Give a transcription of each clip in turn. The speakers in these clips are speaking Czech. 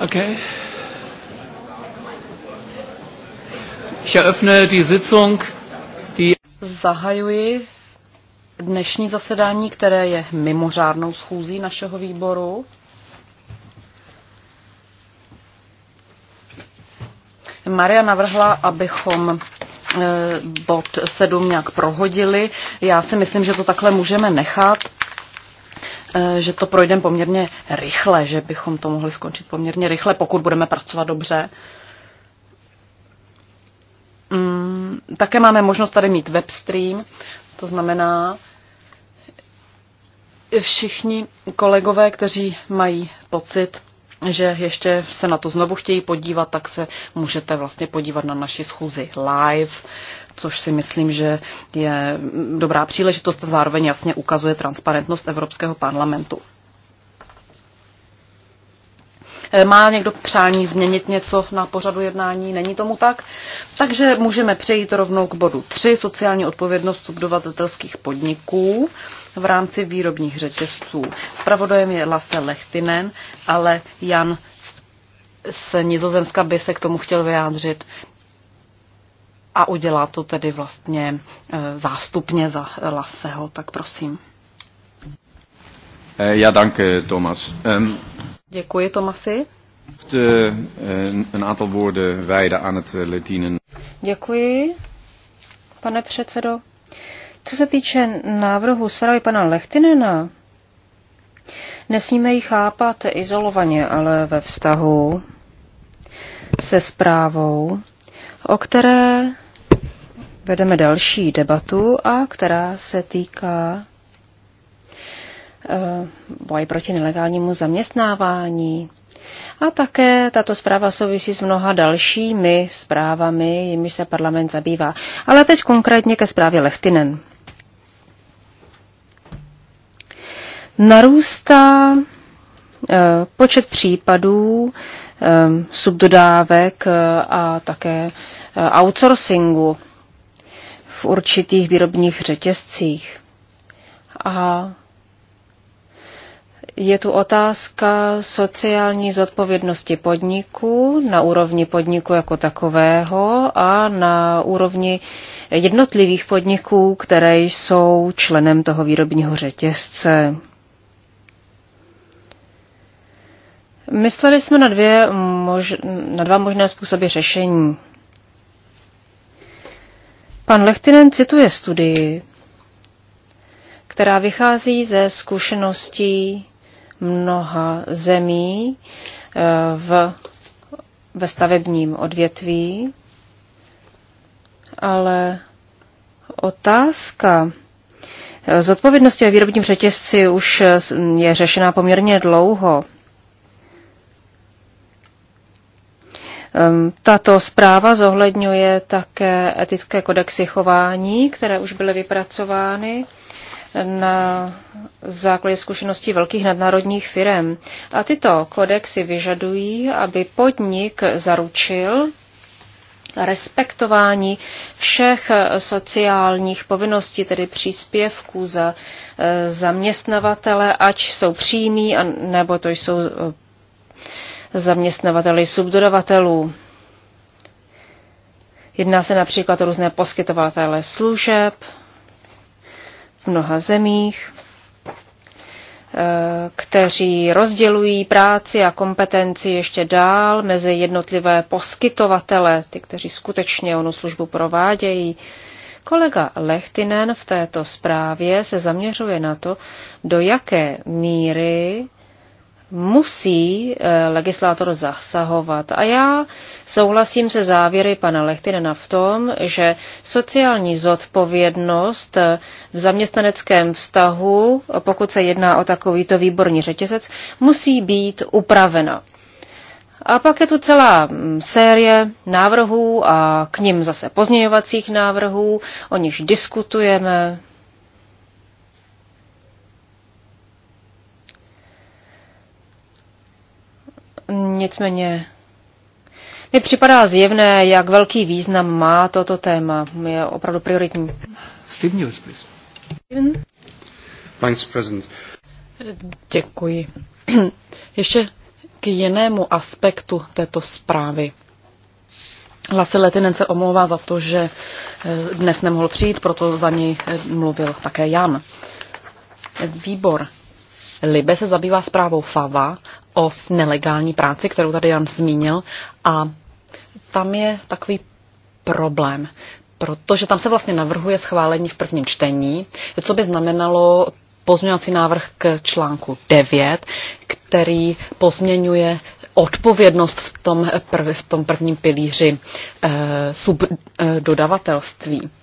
Okay. Ich eröffne die Sitzung, die Zahajuji dnešní zasedání, které je mimořádnou schůzí našeho výboru. Maria navrhla, abychom e, bod 7 nějak prohodili. Já si myslím, že to takhle můžeme nechat, Eh, že to projdeme poměrně rychle, že bychom to mohli skončit poměrně rychle, pokud budeme pracovat dobře. Mm, také máme možnost tady mít webstream, to znamená, všichni kolegové, kteří mají pocit, že ještě se na to znovu chtějí podívat, tak se můžete vlastně podívat na naši schůzi live což si myslím, že je dobrá příležitost a zároveň jasně ukazuje transparentnost Evropského parlamentu. Eh, má někdo přání změnit něco na pořadu jednání? Není tomu tak? Takže můžeme přejít rovnou k bodu 3, sociální odpovědnost subdovatelských podniků v rámci výrobních řetězců. Spravodajem je Lasse Lechtinen, ale Jan z Nizozemska by se k tomu chtěl vyjádřit a udělá to tedy vlastně eh, zástupně za Laseho, tak prosím. Eh, já danke, Thomas. Um, Děkuji, Tomasi. Eh, een aantal woorden wijden aan het Latinen. Děkuji, pane předsedo. Co se týče návrhu zprávy pana Lechtinena, nesmíme ji chápat izolovaně, ale ve vztahu se zprávou, o které vedeme další debatu, a která se týká eh, boj proti nelegálnímu zaměstnávání. A také tato zpráva souvisí s mnoha dalšími zprávami, jimiž se parlament zabývá. Ale teď konkrétně ke zprávě Lechtinen. Narůstá eh, počet případů eh, subdodávek a také outsourcingu v určitých výrobních řetězcích. A je tu otázka sociální zodpovědnosti podniku na úrovni podniku jako takového a na úrovni jednotlivých podniků, které jsou členem toho výrobního řetězce. Mysleli jsme na, dvě mož- na dva možné způsoby řešení. Pan Lechtinen cituje studii, která vychází ze zkušeností mnoha zemí eh, v, ve stavebním odvětví, ale otázka eh, zodpovědnosti ve výrobním řetězci už eh, je řešená poměrně dlouho. Tato zpráva zohledňuje také etické kodexy chování, které už byly vypracovány na základě zkušeností velkých nadnárodních firm. A tyto kodexy vyžadují, aby podnik zaručil respektování všech sociálních povinností, tedy příspěvků za e, zaměstnavatele, ať jsou přímí, nebo to jsou e, zaměstnavateli subdodavatelů. Jedná se například o různé poskytovatele služeb v mnoha zemích, eh, kteří rozdělují práci a kompetenci ještě dál mezi jednotlivé poskytovatele, ty, kteří skutečně onu službu provádějí. Kolega Lechtinen v této zprávě se zaměřuje na to, do jaké míry musí eh, legislátor zasahovat. A já souhlasím se závěry pana Lechtinena v tom, že sociální zodpovědnost eh, v zaměstnaneckém vztahu, pokud se jedná o takovýto výborný řetězec, musí být upravena. A pak je tu celá mm, série návrhů a k ním zase pozměňovacích návrhů, o nich diskutujeme, Nicméně mi připadá zjevné, jak velký význam má toto téma. Je opravdu prioritní. Steve News, please. Steven? Thanks, President. Děkuji. Ještě k jinému aspektu této zprávy. Lasse Letinen se omlouvá za to, že eh, dnes nemohl přijít, proto za něj eh, mluvil také Jan. Výbor Libe se zabývá zprávou FAVA o nelegální práci, kterou tady Jan zmínil a tam je takový problém, protože tam se vlastně navrhuje schválení v prvním čtení, co by znamenalo pozměňovací návrh k článku 9, který pozměňuje odpovědnost v tom, prv, v tom prvním pilíři eh, subdodavatelství. Eh,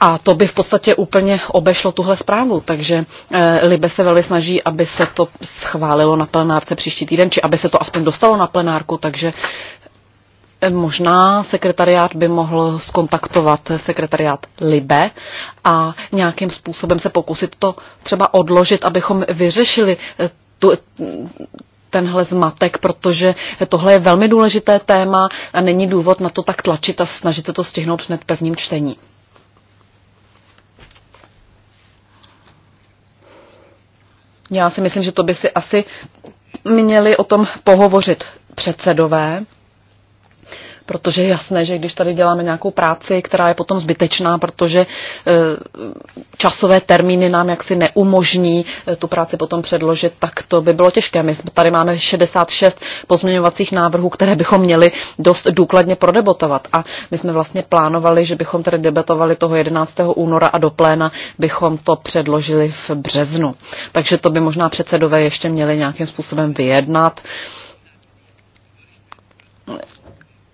A to by v podstatě úplně obešlo tuhle zprávu, takže e, Libe se velmi snaží, aby se to schválilo na plenárce příští týden, či aby se to aspoň dostalo na plenárku, takže eh, Možná sekretariát by mohl skontaktovat sekretariát Libe a nějakým způsobem se pokusit to třeba odložit, abychom vyřešili eh, tu, tenhle zmatek, protože tohle je velmi důležité téma a není důvod na to tak tlačit a snažit se to stihnout hned prvním čtení. Já si myslím, že to by si asi měli o tom pohovořit předsedové protože je jasné, že když tady děláme nějakou práci, která je potom zbytečná, protože eh, časové termíny nám jaksi neumožní eh, tu práci potom předložit, tak to by bylo těžké. My tady máme 66 pozměňovacích návrhů, které bychom měli dost důkladně prodebatovat. A my jsme vlastně plánovali, že bychom tady debatovali toho 11. února a do pléna bychom to předložili v březnu. Takže to by možná předsedové ještě měli nějakým způsobem vyjednat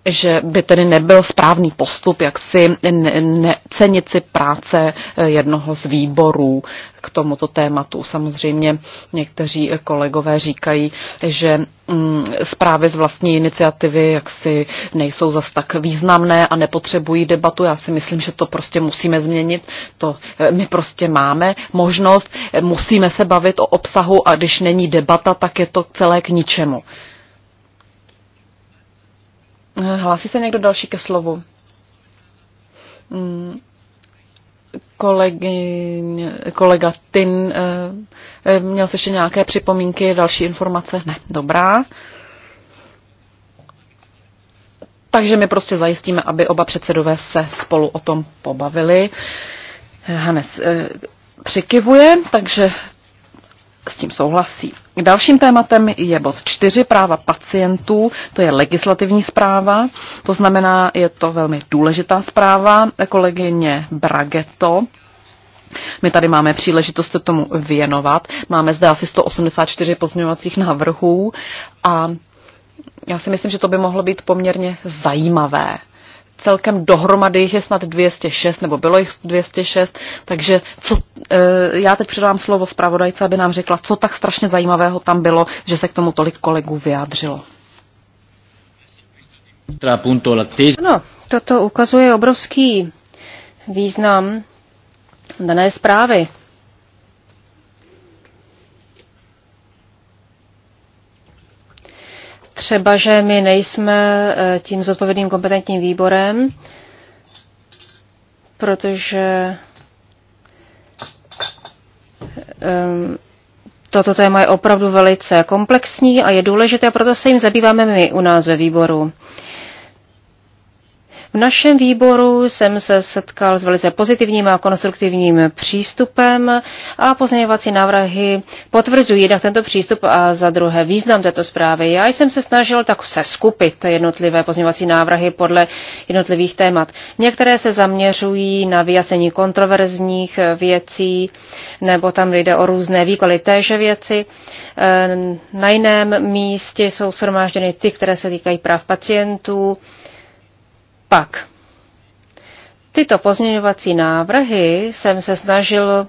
že by tedy nebyl správný postup, jak si necenit si práce eh, jednoho z výborů k tomuto tématu. Samozřejmě někteří eh, kolegové říkají, že mm, zprávy z vlastní iniciativy jaksi nejsou zas tak významné a nepotřebují debatu. Já si myslím, že to prostě musíme změnit. To eh, my prostě máme možnost, musíme se bavit o obsahu a když není debata, tak je to celé k ničemu. Eh, hlásí se někdo další ke slovu? Hmm. Kolegy, kolega Tin eh, eh, měl se ještě nějaké připomínky, další informace? Ne, dobrá. Takže my prostě zajistíme, aby oba předsedové se spolu o tom pobavili. Hanes přikivuje, takže s tím souhlasí. Dalším tématem je bod 4 práva pacientů, to je legislativní zpráva, to znamená, je to velmi důležitá zpráva kolegyně Brageto. My tady máme příležitost se tomu věnovat. Máme zde asi 184 pozměňovacích návrhů a já si myslím, že to by mohlo být poměrně zajímavé celkem dohromady jich je snad 206, nebo bylo jich 206, takže co, eh, já teď předám slovo zpravodajce, aby nám řekla, co tak strašně zajímavého tam bylo, že se k tomu tolik kolegů vyjádřilo. Ano, toto ukazuje obrovský význam dané zprávy. třeba, že my nejsme eh, tím zodpovědným kompetentním výborem, protože ehm, toto téma je opravdu velice komplexní a je důležité, proto se jim zabýváme my u nás ve výboru. V našem výboru jsem se setkal s velice pozitivním a konstruktivním přístupem a pozměňovací návrhy potvrzují jednak tento přístup a za druhé význam této zprávy. Já jsem se snažil tak seskupit jednotlivé pozměňovací návrhy podle jednotlivých témat. Některé se zaměřují na vyjasnění kontroverzních věcí nebo tam jde o různé výklady téže věci. Ehm, na jiném místě jsou shromážděny ty, které se týkají práv pacientů, pak tyto pozměňovací návrhy jsem se snažil,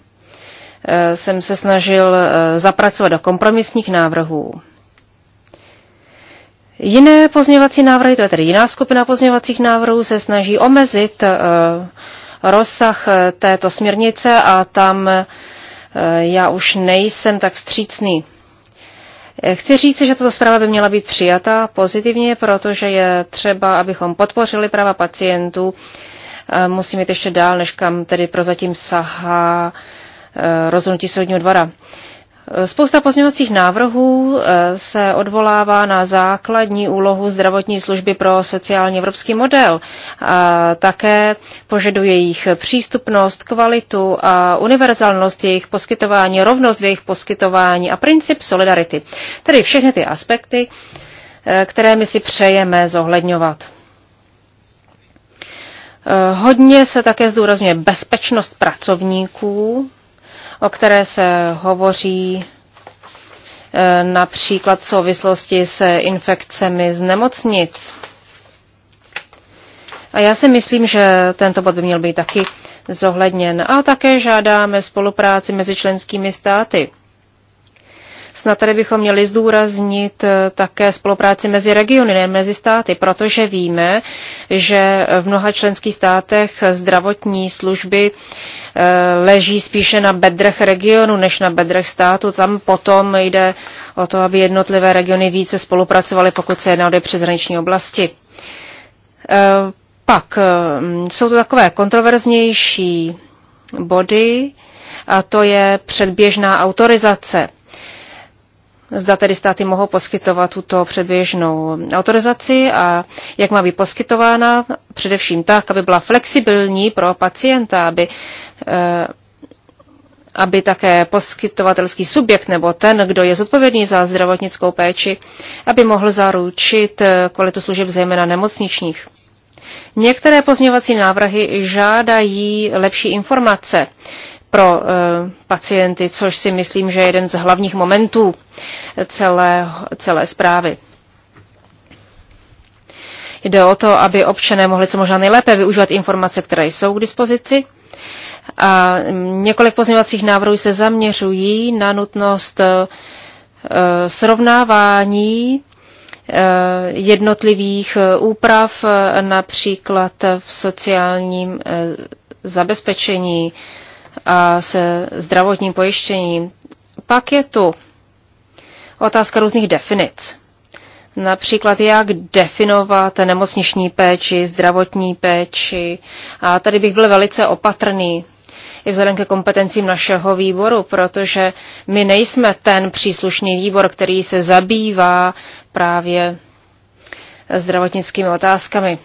eh, jsem se snažil eh, zapracovat do kompromisních návrhů. Jiné pozměňovací návrhy, to je tedy jiná skupina pozměňovacích návrhů, se snaží omezit eh, rozsah této směrnice a tam já už nejsem tak vstřícný. Chci říct, že tato zpráva by měla být přijata pozitivně, protože je třeba, abychom podpořili práva pacientů. Musíme jít ještě dál, než kam tedy prozatím sahá eh, rozhodnutí soudního dvora. Spousta pozměňovacích návrhů eh, se odvolává na základní úlohu zdravotní služby pro sociálně evropský model. A také požaduje jejich přístupnost, kvalitu a univerzálnost jejich poskytování, rovnost v jejich poskytování a princip solidarity. Tedy všechny ty aspekty, eh, které my si přejeme zohledňovat. Eh, hodně se také zdůrazňuje bezpečnost pracovníků, o které se hovoří eh, například v souvislosti s infekcemi z nemocnic. A já si myslím, že tento bod by měl být taky zohledněn. A také žádáme spolupráci mezi členskými státy. Snad tady bychom měli zdůraznit eh, také spolupráci mezi regiony, ne mezi státy, protože víme, že v mnoha členských státech zdravotní služby eh, leží spíše na bedrech regionu než na bedrech státu. Tam potom jde o to, aby jednotlivé regiony více spolupracovaly, pokud se jedná o přeshraniční oblasti. Eh, pak jsou to takové kontroverznější body, a to je předběžná autorizace. Zda tedy státy mohou poskytovat tuto předběžnou autorizaci a jak má být poskytována, především tak, aby byla flexibilní pro pacienta, aby, eh, aby také poskytovatelský subjekt nebo ten, kdo je zodpovědný za zdravotnickou péči, aby mohl zaručit eh, kvalitu služeb zejména nemocničních. Některé pozměňovací návrhy žádají lepší informace pro eh, pacienty, což si myslím, že je jeden z hlavních momentů celé, celé zprávy. Jde o to, aby občané mohli co možná nejlépe využívat informace, které jsou k dispozici. A několik pozměňovacích návrhů se zaměřují na nutnost eh, srovnávání eh, jednotlivých úprav, například v sociálním zabezpečení, a se zdravotním pojištěním. Pak je tu otázka různých definic. Například jak definovat nemocniční péči, zdravotní péči. A tady bych byl velice opatrný i vzhledem ke kompetencím našeho výboru, protože my nejsme ten příslušný výbor, který se zabývá právě zdravotnickými otázkami.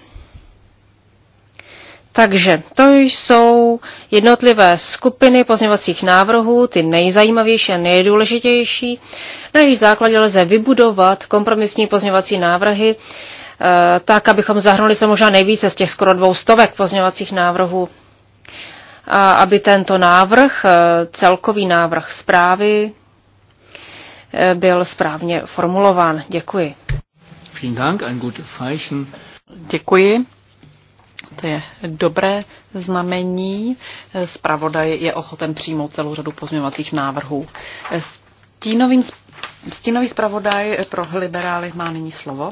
Takže to jsou jednotlivé skupiny pozměňovacích návrhů, ty nejzajímavější a nejdůležitější. Na jejich základě lze vybudovat kompromisní pozměňovací návrhy, eh, tak, abychom zahrnuli se možná nejvíce z těch skoro dvou stovek pozměňovacích návrhů, a aby tento návrh, eh, celkový návrh zprávy, eh, byl správně formulován. Děkuji. Děkuji. To je dobré znamení. Spravodaj je ochoten přijmout celou řadu pozměňovacích návrhů. Stínovým, stínový zpravodaj pro liberály má nyní slovo.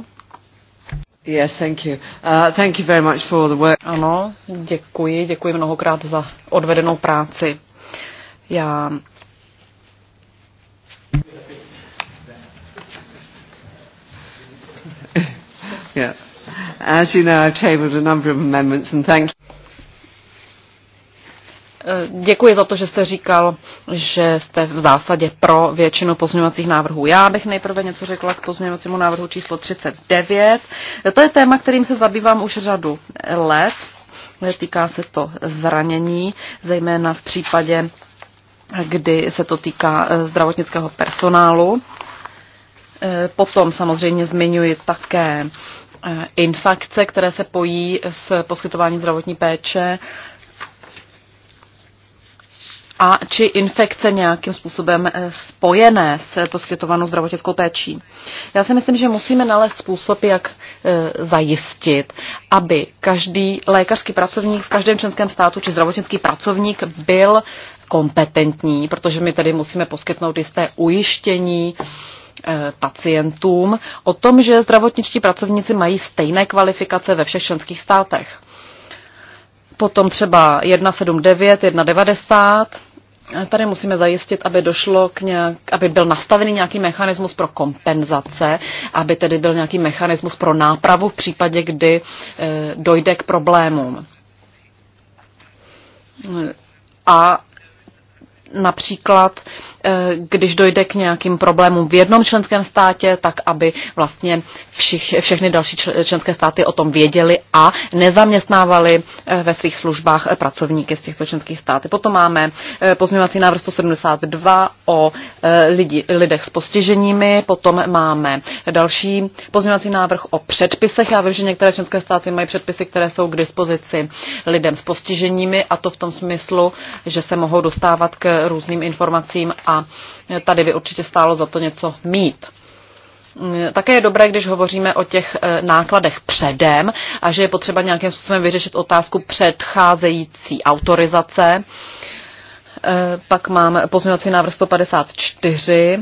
Yes, thank you. Uh, thank you very much for the work. Ano, děkuji, děkuji mnohokrát za odvedenou práci. Já yeah. As you know, I've tabled a number of amendments and thank you. Eh, děkuji za to, že jste říkal, že jste v zásadě pro většinu pozměňovacích návrhů. Já bych nejprve něco řekla k pozměňovacímu návrhu číslo 39. To je téma, kterým se zabývám už řadu let. Týká se to zranění, zejména v případě, kdy se to týká eh, zdravotnického personálu. Eh, potom samozřejmě zmiňuji také Eh, infakce, které se pojí s poskytováním zdravotní péče a či infekce nějakým způsobem eh, spojené s poskytovanou zdravotnickou péčí. Já si myslím, že musíme nalézt způsob, jak eh, zajistit, aby každý lékařský pracovník v každém členském státu či zdravotnický pracovník byl kompetentní, protože my tady musíme poskytnout jisté ujištění, Eh, pacientům o tom, že zdravotničtí pracovníci mají stejné kvalifikace ve všech členských státech. Potom třeba 179, 190. Tady musíme zajistit, aby došlo k nějak, aby byl nastavený nějaký mechanismus pro kompenzace, aby tedy byl nějaký mechanismus pro nápravu v případě, kdy e, dojde k problémům. A například Eh, když dojde k nějakým problémům v jednom členském státě, tak aby vlastně všich, všechny další členské státy o tom věděli a nezaměstnávali eh, ve svých službách eh, pracovníky z těchto členských států. Potom máme pozměňovací návrh 172 o lidi, lidech s postiženími, potom máme další pozměňovací návrh o předpisech. Já vím, že některé členské státy mají předpisy, které jsou k dispozici lidem s postiženími a to v tom smyslu, že se mohou dostávat k různým informacím a tady by určitě stálo za to něco mít. Také je dobré, když hovoříme o těch e, nákladech předem a že je potřeba nějakým způsobem vyřešit otázku předcházející autorizace. E, pak mám pozměňovací návrh 154,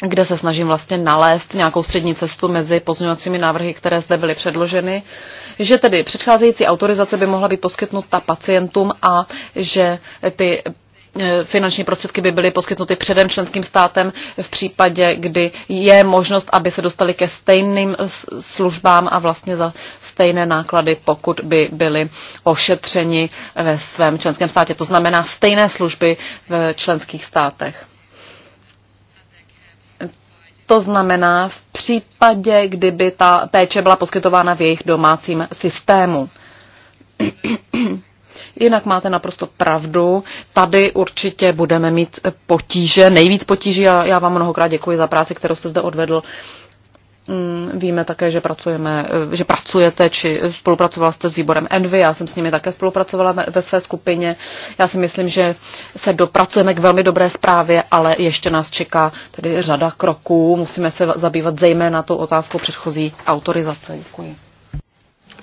kde se snažím vlastně nalézt nějakou střední cestu mezi pozměňovacími návrhy, které zde byly předloženy, že tedy předcházející autorizace by mohla být poskytnuta pacientům a že ty E, finanční prostředky by byly poskytnuty předem členským státem v případě, kdy je možnost, aby se dostali ke stejným službám a vlastně za stejné náklady, pokud by byly ošetřeni ve svém členském státě. To znamená stejné služby v členských státech. To znamená v případě, kdyby ta péče byla poskytována v jejich domácím systému. Jinak máte naprosto pravdu. Tady určitě budeme mít potíže, nejvíc potíží a já vám mnohokrát děkuji za práci, kterou jste zde odvedl. Mm, víme také, že, pracujeme, eh, že pracujete, či spolupracoval jste s výborem Envy, já jsem s nimi také spolupracovala ve své skupině. Já si myslím, že se dopracujeme k velmi dobré zprávě, ale ještě nás čeká tedy řada kroků. Musíme se zabývat zejména tou otázkou předchozí autorizace. Děkuji.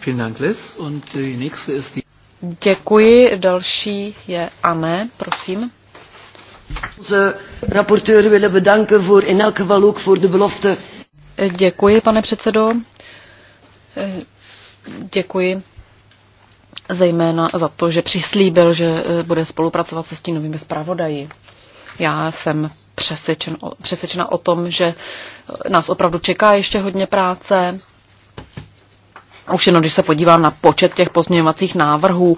Vielen Dank, Liz. Und die nächste ist die Děkuji. Další je Anne, prosím. Onze rapporteur willen bedanken voor in elk geval ook voor de belofte. Děkuji, pane předsedo. Děkuji zejména za to, že přislíbil, že eh, bude spolupracovat se stínovými zpravodaji. Já jsem přesvědčen, přesvědčena o tom, že nás opravdu čeká ještě hodně práce už jenom když se podívám na počet těch pozměňovacích návrhů,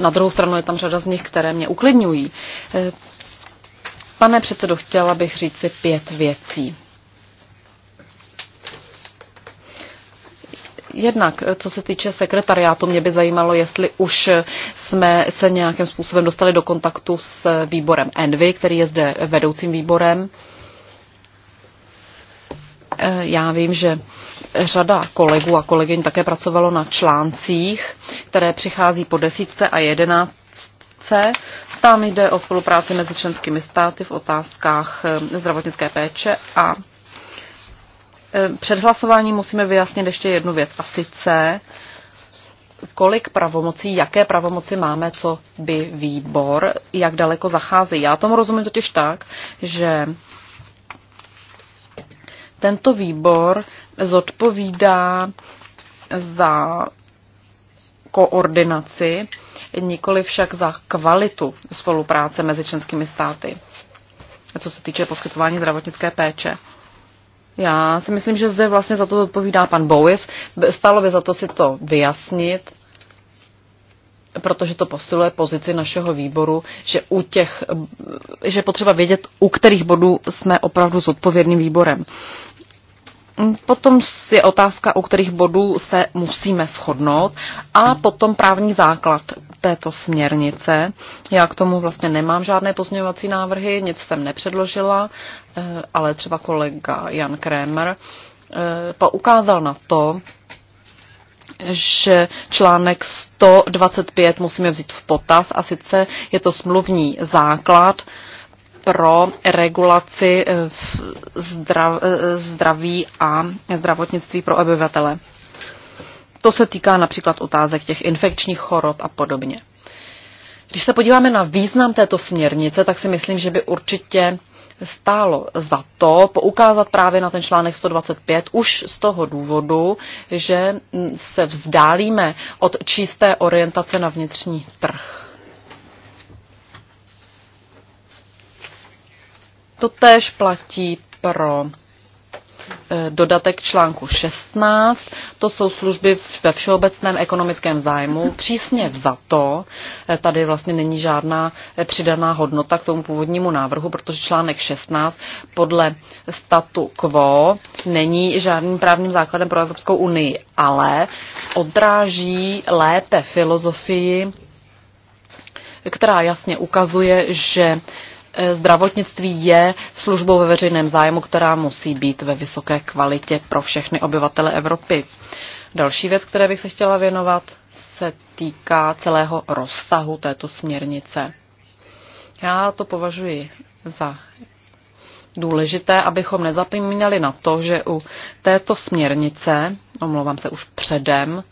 na druhou stranu je tam řada z nich, které mě uklidňují. Eh, Pane předsedo, chtěla bych říct si pět věcí. Jednak, eh, co se týče sekretariátu, mě by zajímalo, jestli už jsme se nějakým způsobem dostali do kontaktu s výborem Envy, který je zde vedoucím výborem. Eh, Já vím, že řada kolegů a kolegyň také pracovalo na článcích, které přichází po desítce a jedenáctce. Tam jde o spolupráci mezi členskými státy v otázkách eh, zdravotnické péče a eh, před hlasováním musíme vyjasnit ještě jednu věc a sice kolik pravomocí, jaké pravomoci máme, co by výbor, jak daleko zacházejí. Já tomu rozumím totiž tak, že tento výbor zodpovídá za koordinaci, nikoli však za kvalitu spolupráce mezi členskými státy, co se týče poskytování zdravotnické péče. Já si myslím, že zde vlastně za to odpovídá pan Bowis. Stálo by za to si to vyjasnit, protože to posiluje pozici našeho výboru, že, u těch, že potřeba vědět, u kterých bodů jsme opravdu zodpovědným výborem. Mm, potom je otázka, u kterých bodů se musíme shodnout a potom právní základ této směrnice. Já k tomu vlastně nemám žádné pozměňovací návrhy, nic jsem nepředložila, eh, ale třeba kolega Jan Krémer eh, poukázal na to, že článek 125 musíme vzít v potaz a sice je to smluvní základ, pro regulaci eh, eh, zdraví a zdravotnictví pro obyvatele. To se týká například otázek těch infekčních chorob a podobně. Když se podíváme na význam této směrnice, tak si myslím, že by určitě stálo za to poukázat právě na ten článek 125 už z toho důvodu, že se vzdálíme od čisté orientace na vnitřní trh. To též platí pro e, dodatek článku 16. To jsou služby ve všeobecném ekonomickém zájmu. Přísně to, e, tady vlastně není žádná e, přidaná hodnota k tomu původnímu návrhu, protože článek 16 podle statu quo není žádným právním základem pro Evropskou unii, ale odráží lépe filozofii která jasně ukazuje, že Eh, zdravotnictví je službou ve veřejném zájmu, která musí být ve vysoké kvalitě pro všechny obyvatele Evropy. Další věc, které bych se chtěla věnovat, se týká celého rozsahu této směrnice. Já to považuji za důležité, abychom nezapomínali na to, že u této směrnice, omlouvám se už předem,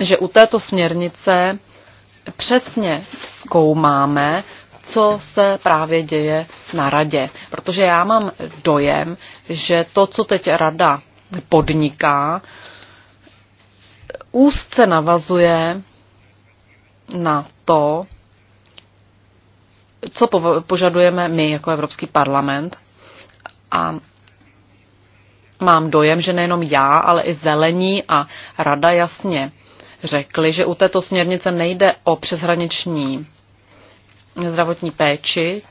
že u této směrnice přesně zkoumáme, co se právě děje na radě. Protože já mám dojem, že to, co teď rada podniká, úzce navazuje na to, co požadujeme my jako Evropský parlament. A mám dojem, že nejenom já, ale i zelení a rada jasně řekli, že u této směrnice nejde o přeshraniční zdravotní péči,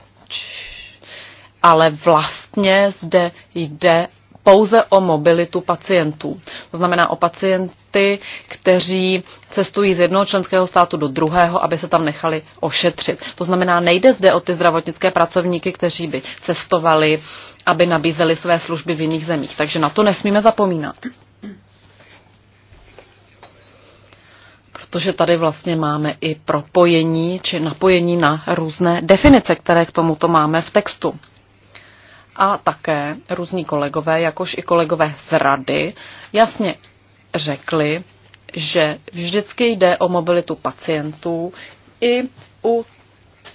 ale vlastně zde jde pouze o mobilitu pacientů. To znamená o pacienty, kteří cestují z jednoho členského státu do druhého, aby se tam nechali ošetřit. To znamená, nejde zde o ty zdravotnické pracovníky, kteří by cestovali, aby nabízeli své služby v jiných zemích. Takže na to nesmíme zapomínat. to, že tady vlastně máme i propojení či napojení na různé definice, které k tomuto máme v textu. A také různí kolegové, jakož i kolegové z rady, jasně řekli, že vždycky jde o mobilitu pacientů i u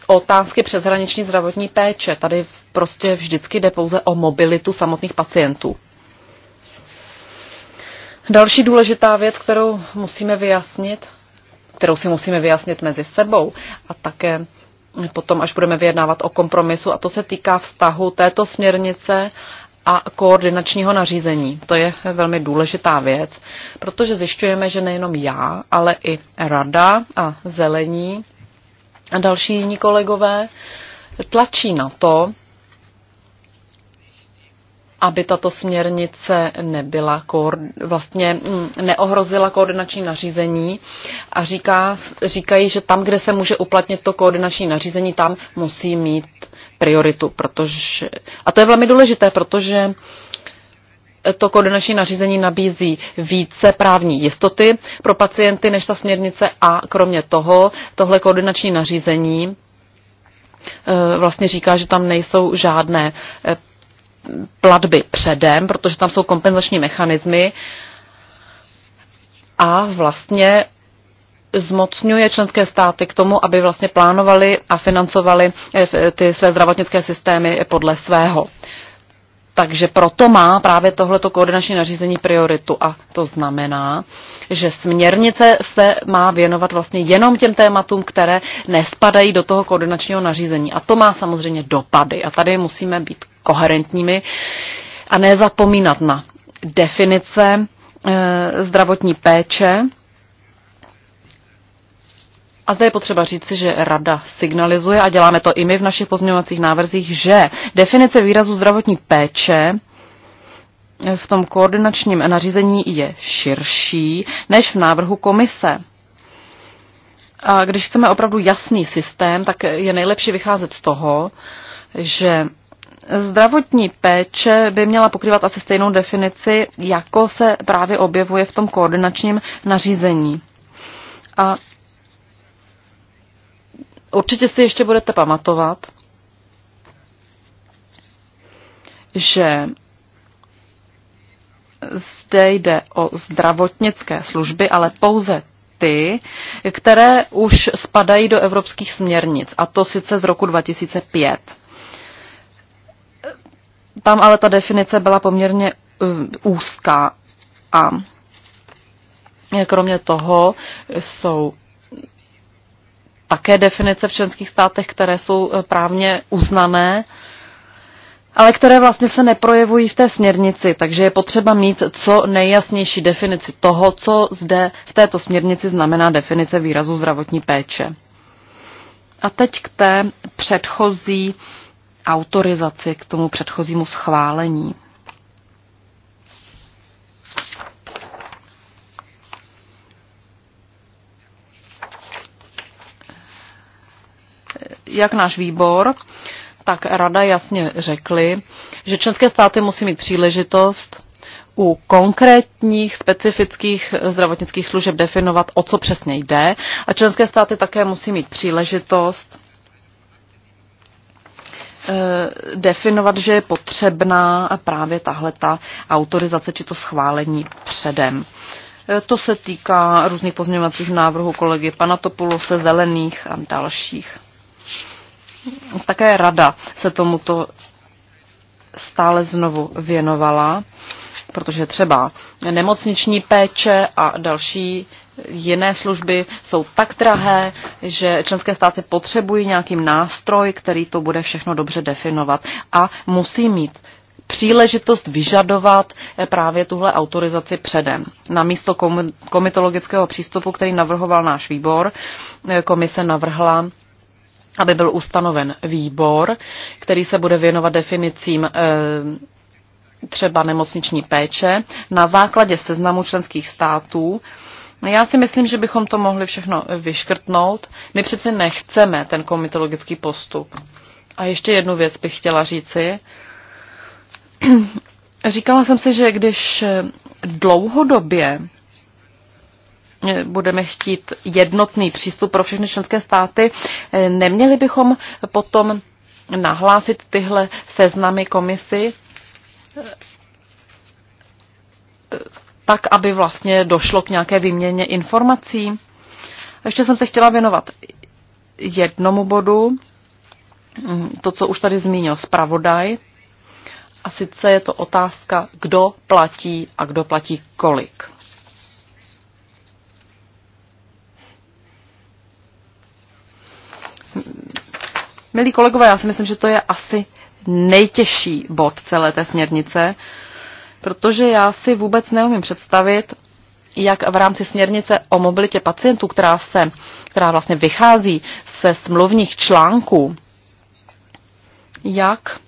otázky přeshraniční zdravotní péče. Tady prostě vždycky jde pouze o mobilitu samotných pacientů. Další důležitá věc, kterou musíme vyjasnit, kterou si musíme vyjasnit mezi sebou a také potom, až budeme vyjednávat o kompromisu. A to se týká vztahu této směrnice a koordinačního nařízení. To je velmi důležitá věc, protože zjišťujeme, že nejenom já, ale i rada a zelení a další jiní kolegové tlačí na to, aby tato směrnice nebyla vlastně mm, neohrozila koordinační nařízení a říká, říkají, že tam, kde se může uplatnit to koordinační nařízení, tam musí mít prioritu, protože, a to je velmi důležité, protože to koordinační nařízení nabízí více právní jistoty pro pacienty než ta směrnice a kromě toho tohle koordinační nařízení eh, vlastně říká, že tam nejsou žádné eh, platby předem, protože tam jsou kompenzační mechanismy a vlastně zmocňuje členské státy k tomu, aby vlastně plánovali a financovali eh, ty své zdravotnické systémy podle svého. Takže proto má právě tohleto koordinační nařízení prioritu a to znamená, že směrnice se má věnovat vlastně jenom těm tématům, které nespadají do toho koordinačního nařízení. A to má samozřejmě dopady a tady musíme být koherentními a nezapomínat na definice eh, zdravotní péče. A zde je potřeba říci, že rada signalizuje, a děláme to i my v našich pozměňovacích návrzích, že definice výrazu zdravotní péče eh, v tom koordinačním nařízení je širší než v návrhu komise. A když chceme opravdu jasný systém, tak je nejlepší vycházet z toho, že Zdravotní péče by měla pokrývat asi stejnou definici, jako se právě objevuje v tom koordinačním nařízení. A určitě si ještě budete pamatovat, že zde jde o zdravotnické služby, ale pouze ty, které už spadají do evropských směrnic, a to sice z roku 2005. Tam ale ta definice byla poměrně eh, úzká a eh, kromě toho jsou také definice v členských státech, které jsou eh, právně uznané, ale které vlastně se neprojevují v té směrnici, takže je potřeba mít co nejjasnější definici toho, co zde v této směrnici znamená definice výrazu zdravotní péče. A teď k té předchozí autorizaci k tomu předchozímu schválení. Jak náš výbor, tak rada jasně řekli, že členské státy musí mít příležitost u konkrétních specifických zdravotnických služeb definovat, o co přesně jde a členské státy také musí mít příležitost Eh, definovat, že je potřebná právě tahle ta autorizace či to schválení předem. Eh, to se týká různých pozměňovacích návrhů kolegy Panatopulose, Zelených a dalších. Také rada se tomuto stále znovu věnovala, protože třeba nemocniční péče a další jiné služby jsou tak drahé, že členské státy potřebují nějaký nástroj, který to bude všechno dobře definovat a musí mít příležitost vyžadovat eh, právě tuhle autorizaci předem. Na místo komitologického přístupu, který navrhoval náš výbor, eh, komise navrhla aby byl ustanoven výbor, který se bude věnovat definicím eh, třeba nemocniční péče na základě seznamu členských států, No já si myslím, že bychom to mohli všechno eh, vyškrtnout. My přece nechceme ten komitologický postup. A ještě jednu věc bych chtěla říci. Říkala jsem si, že když eh, dlouhodobě eh, budeme chtít jednotný přístup pro všechny členské státy, neměli bychom potom nahlásit tyhle seznamy komisi tak, aby vlastně došlo k nějaké výměně informací. A ještě jsem se chtěla věnovat jednomu bodu, mm, to, co už tady zmínil zpravodaj, a sice je to otázka, kdo platí a kdo platí kolik. Milí kolegové, já si myslím, že to je asi nejtěžší bod celé té směrnice, protože já si vůbec neumím představit, jak v rámci směrnice o mobilitě pacientů, která, se, která vlastně vychází ze smluvních článků, jak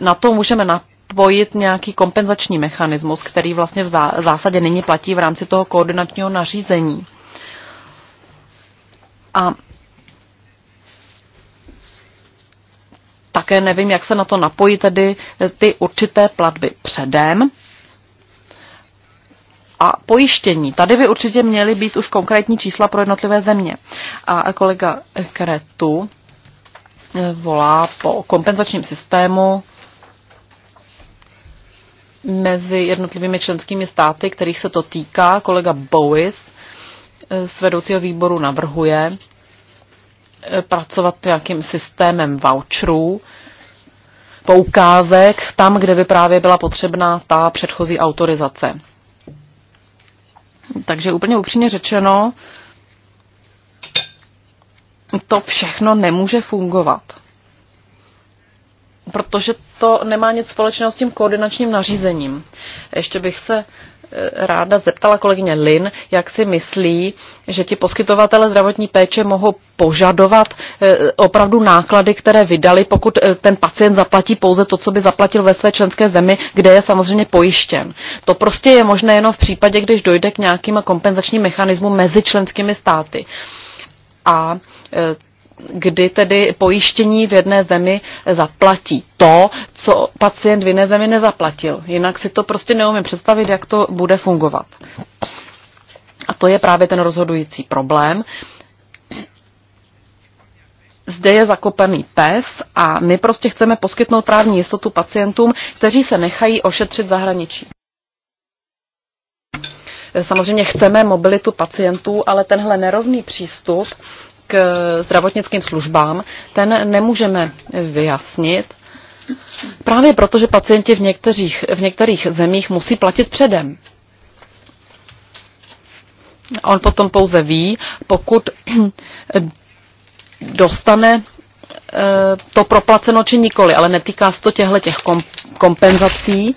na to můžeme napojit nějaký kompenzační mechanismus, který vlastně v zásadě nyní platí v rámci toho koordinačního nařízení. A také nevím, jak se na to napojí tedy eh, ty určité platby předem. A pojištění. Tady by určitě měly být už konkrétní čísla pro jednotlivé země. A kolega Kretu eh, volá po kompenzačním systému mezi jednotlivými členskými státy, kterých se to týká. Kolega Bowis eh, z vedoucího výboru navrhuje, Eh, pracovat nějakým systémem voucherů, poukázek tam, kde by právě byla potřebná ta předchozí autorizace. Takže úplně upřímně řečeno, to všechno nemůže fungovat. Protože to nemá nic společného s tím koordinačním nařízením. Ještě bych se Eh, ráda zeptala kolegyně Lin, jak si myslí, že ti poskytovatele zdravotní péče mohou požadovat eh, opravdu náklady, které vydali, pokud eh, ten pacient zaplatí pouze to, co by zaplatil ve své členské zemi, kde je samozřejmě pojištěn. To prostě je možné jenom v případě, když dojde k nějakým kompenzačním mechanismům mezi členskými státy. A kdy tedy pojištění v jedné zemi zaplatí to, co pacient v jiné zemi nezaplatil. Jinak si to prostě neumím představit, jak to bude fungovat. A to je právě ten rozhodující problém. Zde je zakopený pes a my prostě chceme poskytnout právní jistotu pacientům, kteří se nechají ošetřit zahraničí. Samozřejmě chceme mobilitu pacientů, ale tenhle nerovný přístup k zdravotnickým službám, ten nemůžeme vyjasnit, právě proto, že pacienti v některých, v některých zemích musí platit předem. On potom pouze ví, pokud dostane eh, to proplaceno či nikoli, ale netýká se to těchto těch kompenzací.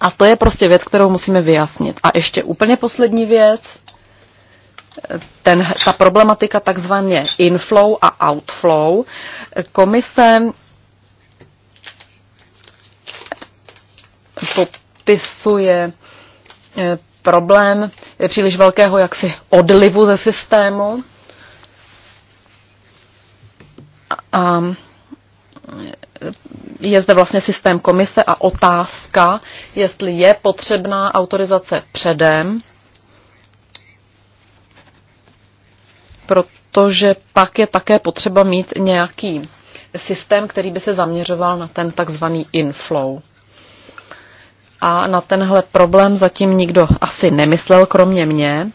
A to je prostě věc, kterou musíme vyjasnit. A ještě úplně poslední věc ten, ta problematika takzvaně inflow a outflow. Komise popisuje eh, problém je příliš velkého jaksi odlivu ze systému. A je zde vlastně systém komise a otázka, jestli je potřebná autorizace předem protože pak je také potřeba mít nějaký systém, který by se zaměřoval na ten takzvaný inflow. A na tenhle problém zatím nikdo asi nemyslel, kromě mě.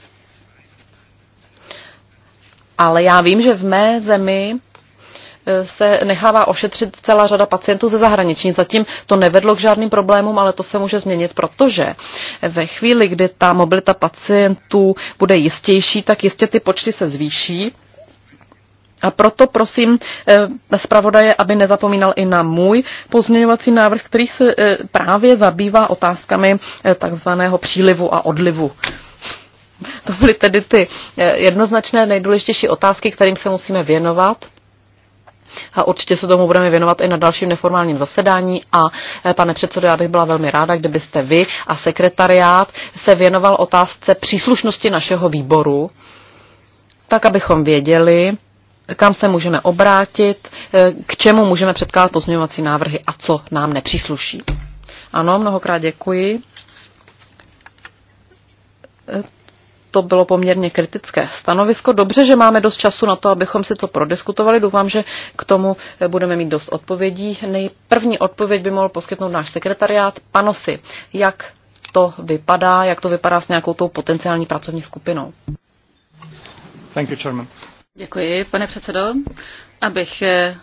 Ale já vím, že v mé zemi se nechává ošetřit celá řada pacientů ze zahraničí. Zatím to nevedlo k žádným problémům, ale to se může změnit, protože ve chvíli, kdy ta mobilita pacientů bude jistější, tak jistě ty počty se zvýší. A proto prosím eh, zpravodaje, aby nezapomínal i na můj pozměňovací návrh, který se eh, právě zabývá otázkami eh, takzvaného přílivu a odlivu. To byly tedy ty jednoznačné nejdůležitější otázky, kterým se musíme věnovat a určitě se tomu budeme věnovat i na dalším neformálním zasedání a eh, pane předsedo, já bych byla velmi ráda, kdybyste vy a sekretariát se věnoval otázce příslušnosti našeho výboru, tak abychom věděli, kam se můžeme obrátit, eh, k čemu můžeme předkládat pozměňovací návrhy a co nám nepřísluší. Ano, mnohokrát děkuji. Eh, to bylo poměrně kritické stanovisko. Dobře, že máme dost času na to, abychom si to prodiskutovali. Doufám, že k tomu eh, budeme mít dost odpovědí. Nejprvní odpověď by mohl poskytnout náš sekretariát. Panosi, jak to vypadá, jak to vypadá s nějakou tou potenciální pracovní skupinou? Thank you, Chairman. Děkuji, pane předsedo. Abych eh,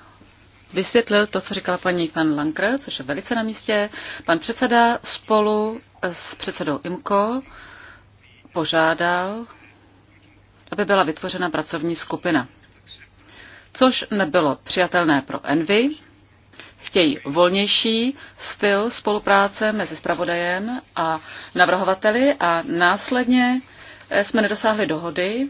vysvětlil to, co říkala paní pan Lankr, což je velice na místě. Pan předseda spolu s předsedou IMCO požádal, aby byla vytvořena pracovní skupina, což nebylo přijatelné pro Envy. Chtějí volnější styl spolupráce mezi spravodajem a navrhovateli a následně eh, jsme nedosáhli dohody,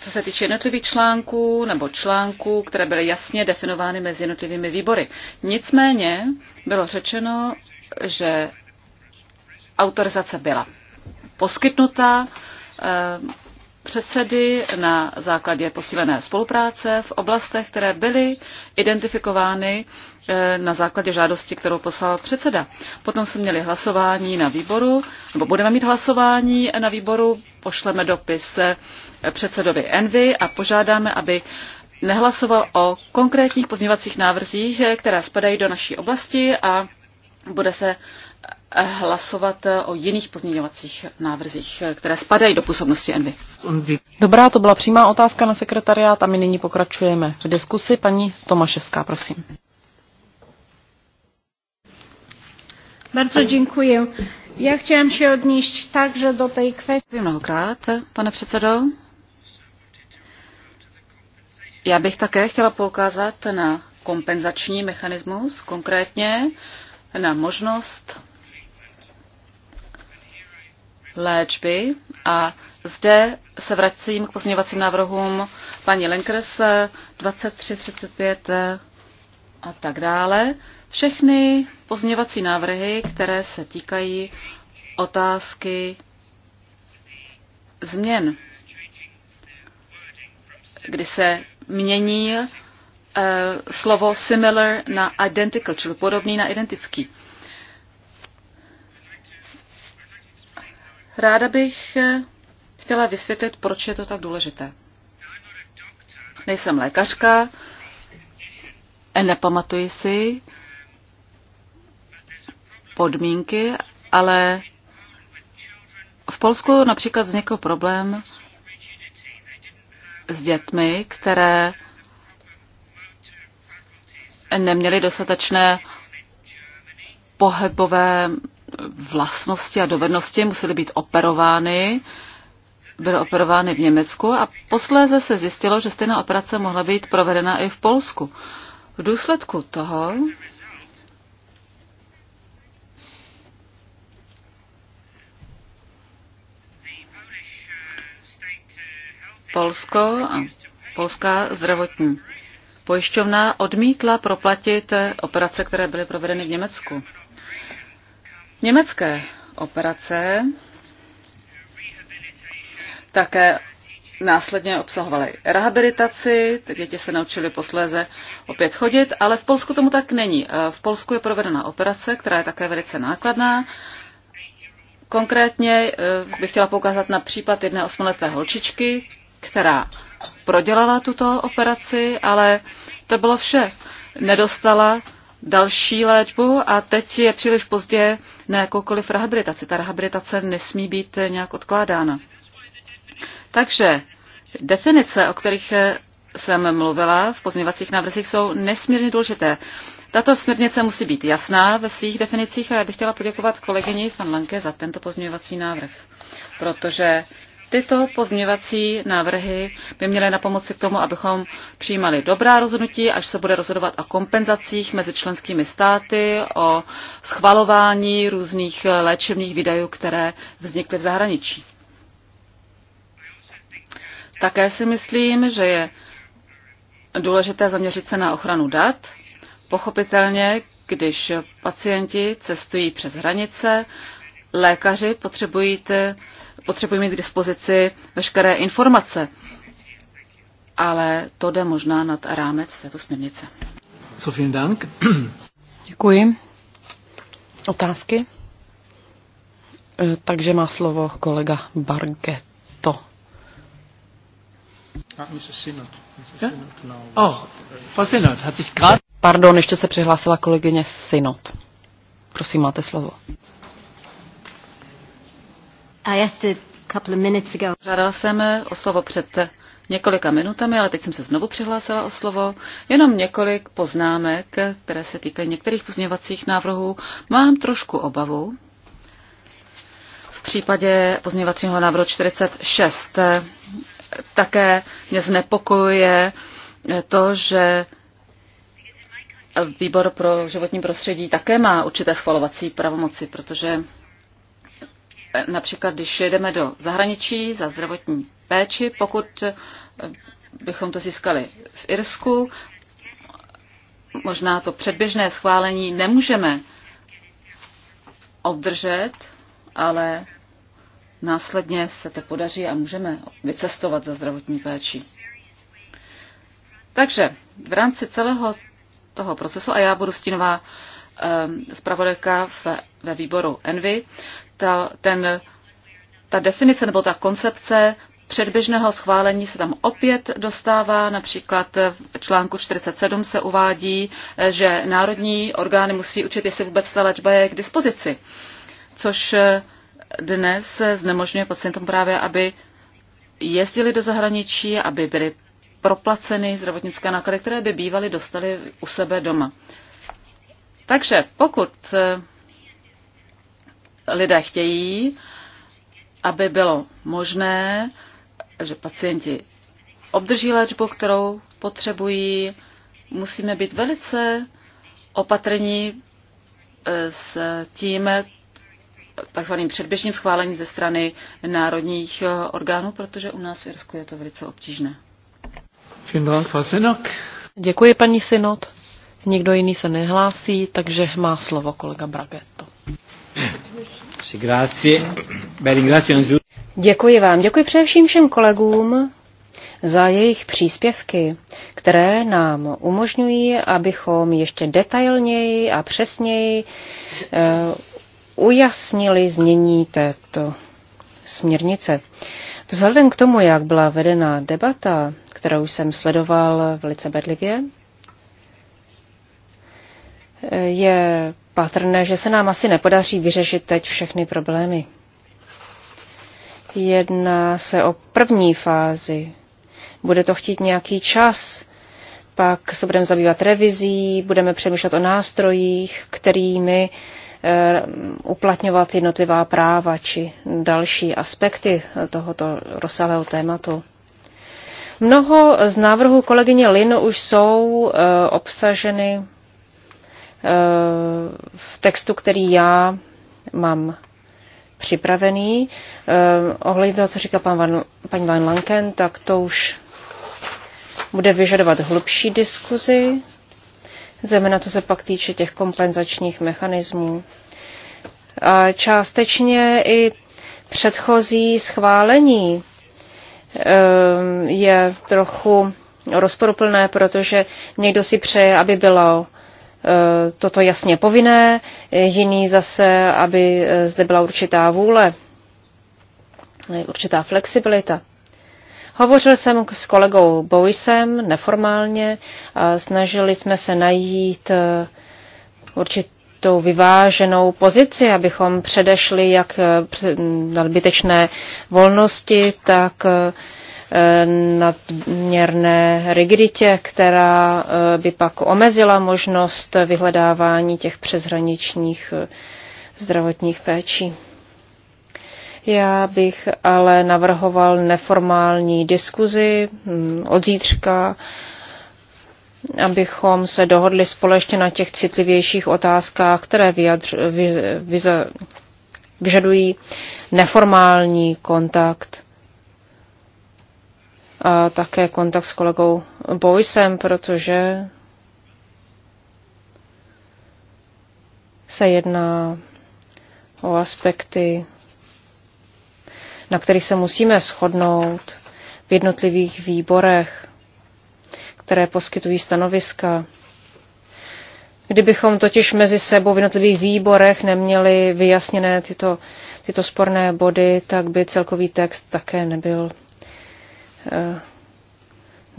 co se týče jednotlivých článků nebo článků, které byly jasně definovány mezi jednotlivými výbory. Nicméně bylo řečeno, že autorizace byla poskytnuta eh, předsedy na základě posílené spolupráce v oblastech, které byly identifikovány eh, na základě žádosti, kterou poslal předseda. Potom jsme měli hlasování na výboru, nebo budeme mít hlasování na výboru, pošleme dopis eh, předsedovi Envy a požádáme, aby nehlasoval o konkrétních pozměvacích návrzích, které spadají do naší oblasti a bude se hlasovat o jiných pozměňovacích návrzích, které spadají do působnosti Envy. Dobrá, to byla přímá otázka na sekretariát a my nyní pokračujeme v diskusi. Paní Tomaševská, prosím. Bardzo dziękuję. Ja chciałam się odnieść także do tej kwestii. Mnohokrát, pane předsedo. Já bych také chtěla poukázat na kompenzační mechanismus, konkrétně na možnost léčby. A zde se vracím k pozměňovacím návrhům paní Lenkers 23, 35 a tak dále. Všechny pozměňovací návrhy, které se týkají otázky změn, kdy se mění eh, slovo similar na identical, čili podobný na identický. Ráda bych eh, chtěla vysvětlit, proč je to tak důležité. Nejsem lékařka, nepamatuji si podmínky, ale v Polsku například vznikl problém s dětmi, které neměly dostatečné pohybové vlastnosti a dovednosti musely být operovány, byly operovány v Německu a posléze se zjistilo, že stejná operace mohla být provedena i v Polsku. V důsledku toho Polsko a Polská zdravotní pojišťovna odmítla proplatit operace, které byly provedeny v Německu. Německé operace také následně obsahovaly rehabilitaci, ty děti se naučily posléze opět chodit, ale v Polsku tomu tak není. Eh, v Polsku je provedena operace, která je také velice nákladná. Konkrétně eh, bych chtěla poukázat na případ jedné osmileté holčičky, která prodělala tuto operaci, ale to bylo vše. Nedostala další léčbu a teď je příliš pozdě na jakoukoliv rehabilitaci. Ta rehabilitace nesmí být nějak odkládána. Takže definice, o kterých jsem mluvila v pozměvacích návrzích, jsou nesmírně důležité. Tato směrnice musí být jasná ve svých definicích a já bych chtěla poděkovat kolegyni Van Lanke za tento pozměňovací návrh, protože Tyto pozměvací návrhy by měly na pomoci k tomu, abychom přijímali dobrá rozhodnutí, až se bude rozhodovat o kompenzacích mezi členskými státy, o schvalování různých léčebných výdajů, které vznikly v zahraničí. Také si myslím, že je důležité zaměřit se na ochranu dat. Pochopitelně, když pacienti cestují přes hranice, lékaři potřebují ty potřebují mít k dispozici veškeré informace. Ale to jde možná nad rámec této směrnice. Sofín Dank. Děkuji. Otázky? Eh, takže má slovo kolega Bargetto. Ah, oh, Pardon, ještě se přihlásila kolegyně Synod. Prosím, máte slovo. Žádala jsem o slovo před několika minutami, ale teď jsem se znovu přihlásila o slovo. Jenom několik poznámek, které se týkají některých pozměňovacích návrhů. Mám trošku obavu. V případě pozměňovacího návrhu 46 také mě znepokojuje to, že výbor pro životní prostředí také má určité schvalovací pravomoci, protože například když jedeme do zahraničí za zdravotní péči, pokud bychom to získali v Irsku, možná to předběžné schválení nemůžeme obdržet, ale následně se to podaří a můžeme vycestovat za zdravotní péči. Takže v rámci celého toho procesu, a já budu stínová Um, zpravodajka ve výboru Envy, ta, ten, ta definice nebo ta koncepce předběžného schválení se tam opět dostává. Například v článku 47 se uvádí, že národní orgány musí učit, jestli vůbec ta léčba je k dispozici, což eh, dnes znemožňuje pacientům právě, aby jezdili do zahraničí, aby byly proplaceny zdravotnické náklady, které by bývaly dostali u sebe doma. Takže pokud eh, lidé chtějí, aby bylo možné, že pacienti obdrží léčbu, kterou potřebují, musíme být velice opatrní eh, s tím takzvaným předběžným schválením ze strany národních eh, orgánů, protože u nás v Irsku je to velice obtížné. Děkuji, paní Synod. Nikdo jiný se nehlásí, takže má slovo kolega Bragetto. Děkuji vám. Děkuji především všem kolegům za jejich příspěvky, které nám umožňují, abychom ještě detailněji a přesněji eh, ujasnili znění této směrnice. Vzhledem k tomu, jak byla vedena debata, kterou jsem sledoval velice bedlivě, je patrné, že se nám asi nepodaří vyřešit teď všechny problémy. Jedná se o první fázi. Bude to chtít nějaký čas. Pak se budeme zabývat revizí, budeme přemýšlet o nástrojích, kterými eh, uplatňovat jednotlivá práva či další aspekty tohoto rozsáhlého tématu. Mnoho z návrhů kolegyně Lin už jsou eh, obsaženy Eh, v textu, který já mám připravený. Eh, ohledně toho, co říká pan Van, paní Van Lanken, tak to už bude vyžadovat hlubší diskuzi, zejména to se pak týče těch kompenzačních mechanismů. A částečně i předchozí schválení eh, je trochu rozporuplné, protože někdo si přeje, aby bylo Eh, toto jasně povinné, jiný zase, aby eh, zde byla určitá vůle, eh, určitá flexibilita. Hovořil jsem s kolegou Bowisem neformálně a snažili jsme se najít určitou vyváženou pozici, abychom předešli jak nadbytečné volnosti, tak Eh, nadměrné rigiditě, která eh, by pak omezila možnost vyhledávání těch přeshraničních eh, zdravotních péčí. Já bych ale navrhoval neformální diskuzi hm, od zítřka, abychom se dohodli společně na těch citlivějších otázkách, které vyjadř, vy, vy, vyžadují neformální kontakt a také kontakt s kolegou Boysem, protože se jedná o aspekty, na kterých se musíme shodnout v jednotlivých výborech, které poskytují stanoviska. Kdybychom totiž mezi sebou v jednotlivých výborech neměli vyjasněné tyto, tyto sporné body, tak by celkový text také nebyl Eh,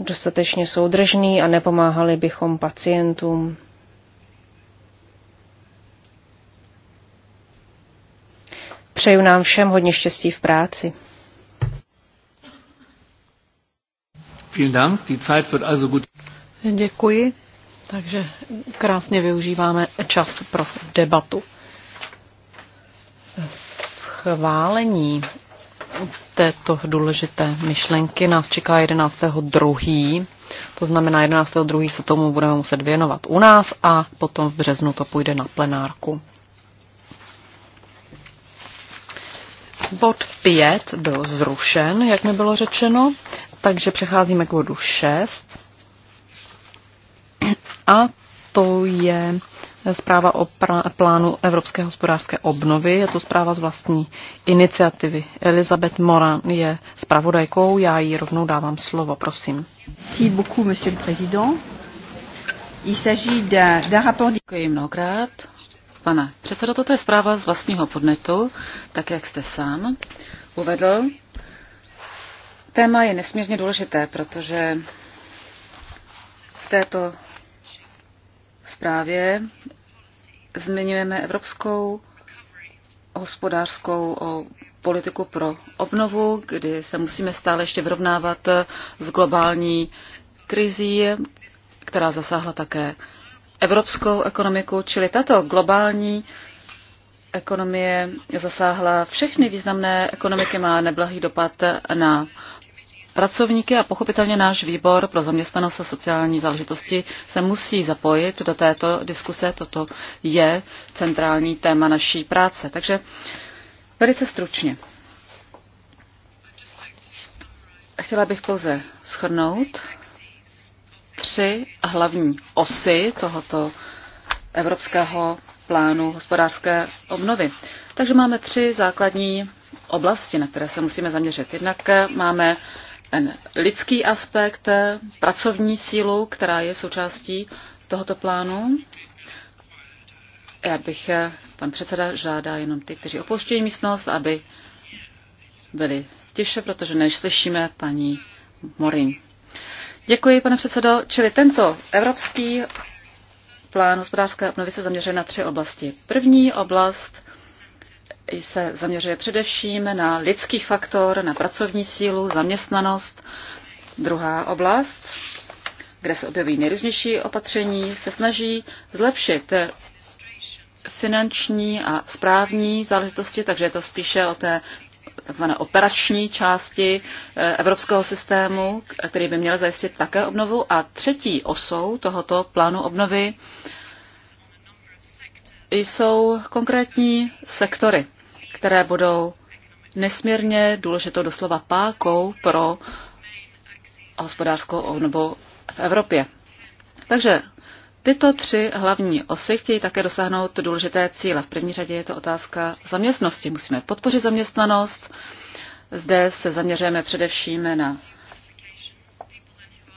dostatečně soudržný a nepomáhali bychom pacientům. Přeju nám všem hodně štěstí v práci. Děkuji. Takže krásně využíváme čas pro debatu. Schválení této důležité myšlenky nás čeká 11.2. To znamená, 11.2. se tomu budeme muset věnovat u nás a potom v březnu to půjde na plenárku. Bod 5 byl zrušen, jak mi bylo řečeno, takže přecházíme k bodu 6. A to je zpráva o plánu Evropské hospodářské obnovy. Je to zpráva z vlastní iniciativy. Elizabeth Moran je zpravodajkou, já jí rovnou dávám slovo, prosím. Děkuji mnohokrát. Pane předsedo, toto je zpráva z vlastního podnetu, tak jak jste sám uvedl. Téma je nesmírně důležité, protože v této zprávě zmiňujeme evropskou hospodářskou politiku pro obnovu, kdy se musíme stále ještě vyrovnávat s globální krizí, která zasáhla také evropskou ekonomiku, čili tato globální ekonomie zasáhla všechny významné ekonomiky, má neblahý dopad na pracovníky a pochopitelně náš výbor pro zaměstnanost a sociální záležitosti se musí zapojit do této diskuse. Toto je centrální téma naší práce. Takže velice stručně. Chtěla bych pouze schrnout tři hlavní osy tohoto evropského plánu hospodářské obnovy. Takže máme tři základní oblasti, na které se musíme zaměřit. Jednak máme ten lidský aspekt, pracovní sílu, která je součástí tohoto plánu. Já bych, eh, pan předseda žádá jenom ty, kteří opouštějí místnost, aby byli tiše, protože než slyšíme paní Morin. Děkuji, pane předsedo. Čili tento evropský plán hospodářské obnovy se zaměřuje na tři oblasti. První oblast se zaměřuje především na lidský faktor, na pracovní sílu, zaměstnanost. Druhá oblast, kde se objeví nejrůznější opatření, se snaží zlepšit finanční a správní záležitosti, takže je to spíše o té takzvané operační části eh, evropského systému, který by měl zajistit také obnovu. A třetí osou tohoto plánu obnovy jsou konkrétní sektory které budou nesmírně důležitou doslova pákou pro hospodářskou obnovu v Evropě. Takže tyto tři hlavní osy chtějí také dosáhnout důležité cíle. V první řadě je to otázka zaměstnosti. Musíme podpořit zaměstnanost. Zde se zaměřujeme především na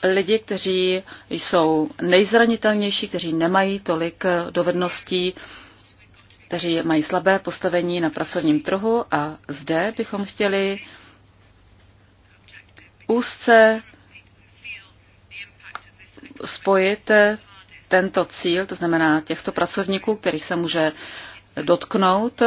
lidi, kteří jsou nejzranitelnější, kteří nemají tolik dovedností kteří mají slabé postavení na pracovním trhu a zde bychom chtěli úzce spojit tento cíl, to znamená těchto pracovníků, kterých se může dotknout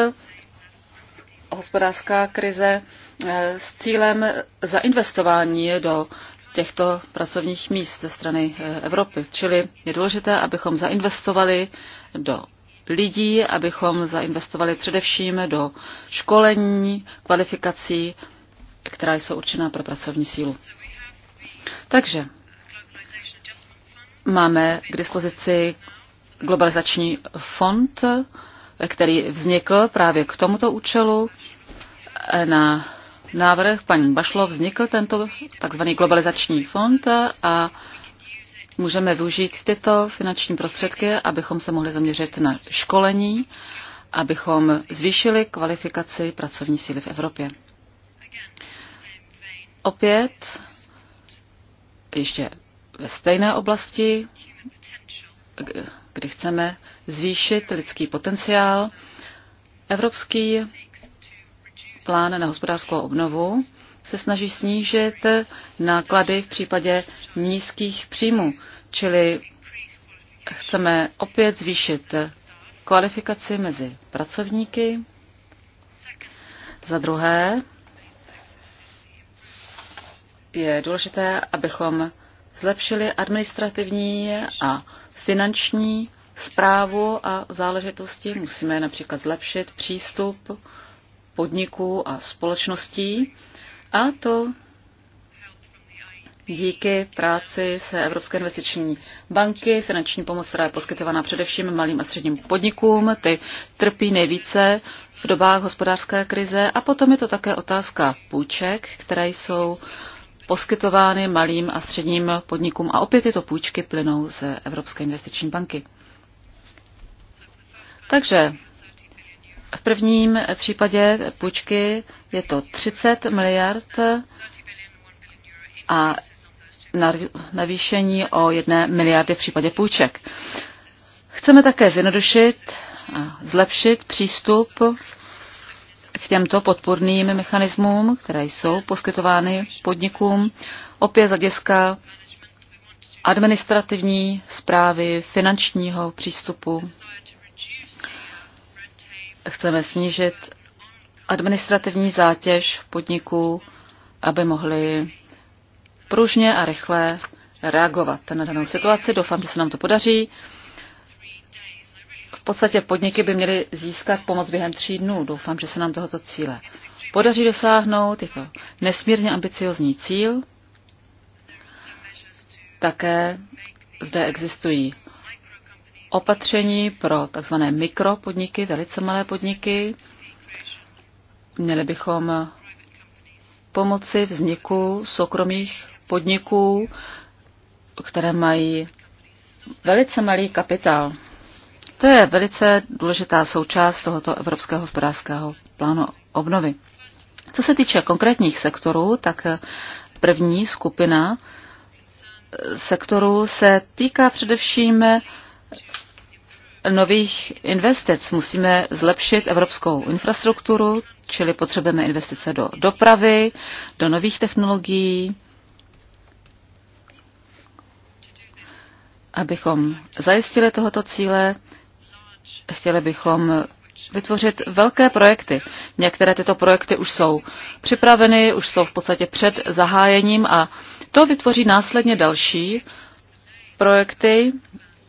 hospodářská krize, eh, s cílem zainvestování do těchto pracovních míst ze strany eh, Evropy. Čili je důležité, abychom zainvestovali do lidí, abychom zainvestovali především do školení, kvalifikací, která jsou určená pro pracovní sílu. Takže máme k dispozici globalizační fond, který vznikl právě k tomuto účelu. Na návrh paní Bašlo vznikl tento takzvaný globalizační fond a můžeme využít tyto finanční prostředky, abychom se mohli zaměřit na školení, abychom zvýšili kvalifikaci pracovní síly v Evropě. Opět, ještě ve stejné oblasti, kdy chceme zvýšit lidský potenciál, Evropský plán na hospodářskou obnovu se snaží snížit náklady v případě nízkých příjmů, čili chceme opět zvýšit kvalifikaci mezi pracovníky. Za druhé je důležité, abychom zlepšili administrativní a finanční zprávu a záležitosti. Musíme například zlepšit přístup podniků a společností a to díky práci se Evropské investiční banky, finanční pomoc, která je poskytována především malým a středním podnikům, ty trpí nejvíce v dobách hospodářské krize a potom je to také otázka půjček, které jsou poskytovány malým a středním podnikům a opět tyto půjčky plynou z Evropské investiční banky. Takže v prvním případě půjčky je to 30 miliard a navýšení o 1 miliardy v případě půjček. Chceme také zjednodušit a zlepšit přístup k těmto podporným mechanismům, které jsou poskytovány podnikům, opět zaděska administrativní zprávy, finančního přístupu Chceme snížit administrativní zátěž podniků, aby mohli pružně a rychle reagovat na danou situaci. Doufám, že se nám to podaří. V podstatě podniky by měly získat pomoc během tří dnů. Doufám, že se nám tohoto cíle podaří dosáhnout. Je to nesmírně ambiciozní cíl. Také zde existují opatření pro tzv. mikropodniky, velice malé podniky. Měli bychom pomoci vzniku soukromých podniků, které mají velice malý kapitál. To je velice důležitá součást tohoto Evropského hospodářského plánu obnovy. Co se týče konkrétních sektorů, tak první skupina sektorů se týká především nových investic. Musíme zlepšit evropskou infrastrukturu, čili potřebujeme investice do dopravy, do nových technologií, abychom zajistili tohoto cíle. Chtěli bychom vytvořit velké projekty. Některé tyto projekty už jsou připraveny, už jsou v podstatě před zahájením a to vytvoří následně další projekty,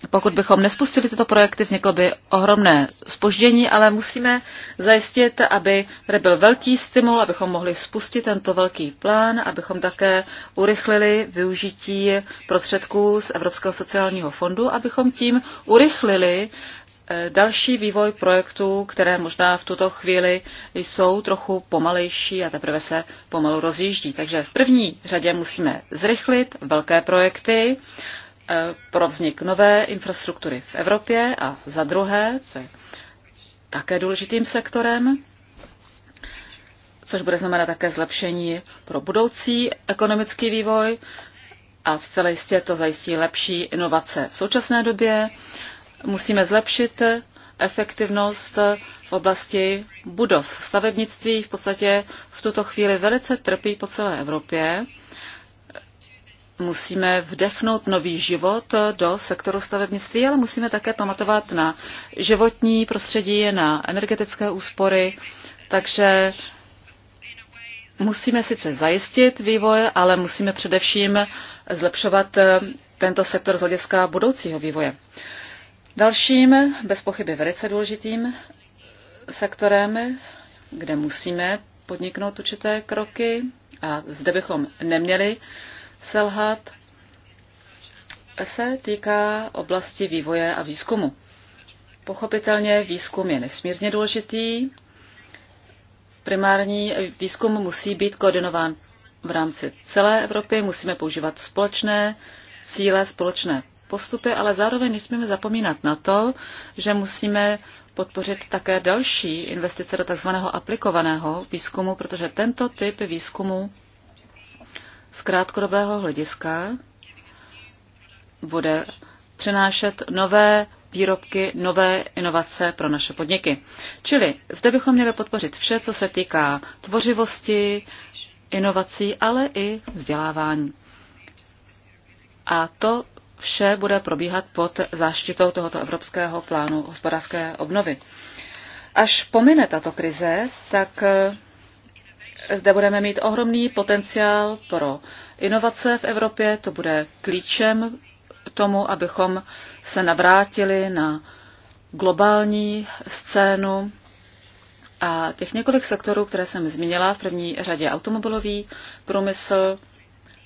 pokud bychom nespustili tyto projekty, vzniklo by ohromné spoždění, ale musíme zajistit, aby tady byl velký stimul, abychom mohli spustit tento velký plán, abychom také urychlili využití prostředků z Evropského sociálního fondu, abychom tím urychlili eh, další vývoj projektů, které možná v tuto chvíli jsou trochu pomalejší a teprve se pomalu rozjíždí. Takže v první řadě musíme zrychlit velké projekty Eh, pro vznik nové infrastruktury v Evropě a za druhé, co je také důležitým sektorem, což bude znamenat také zlepšení pro budoucí ekonomický vývoj a zcela jistě to zajistí lepší inovace. V současné době musíme zlepšit efektivnost v oblasti budov. Stavebnictví v podstatě v tuto chvíli velice trpí po celé Evropě musíme vdechnout nový život do sektoru stavebnictví, ale musíme také pamatovat na životní prostředí, na energetické úspory, takže musíme sice zajistit vývoj, ale musíme především zlepšovat eh, tento sektor z hlediska budoucího vývoje. Dalším, bez pochyby velice důležitým sektorem, kde musíme podniknout určité kroky, a zde bychom neměli selhat, se týká oblasti vývoje a výzkumu. Pochopitelně výzkum je nesmírně důležitý. Primární výzkum musí být koordinován v rámci celé Evropy, musíme používat společné cíle, společné postupy, ale zároveň nesmíme zapomínat na to, že musíme podpořit také další investice do takzvaného aplikovaného výzkumu, protože tento typ výzkumu z krátkodobého hlediska bude přinášet nové výrobky, nové inovace pro naše podniky. Čili zde bychom měli podpořit vše, co se týká tvořivosti, inovací, ale i vzdělávání. A to vše bude probíhat pod záštitou tohoto Evropského plánu hospodářské obnovy. Až pomine tato krize, tak zde budeme mít ohromný potenciál pro inovace v Evropě. To bude klíčem tomu, abychom se navrátili na globální scénu a těch několik sektorů, které jsem zmínila, v první řadě automobilový průmysl,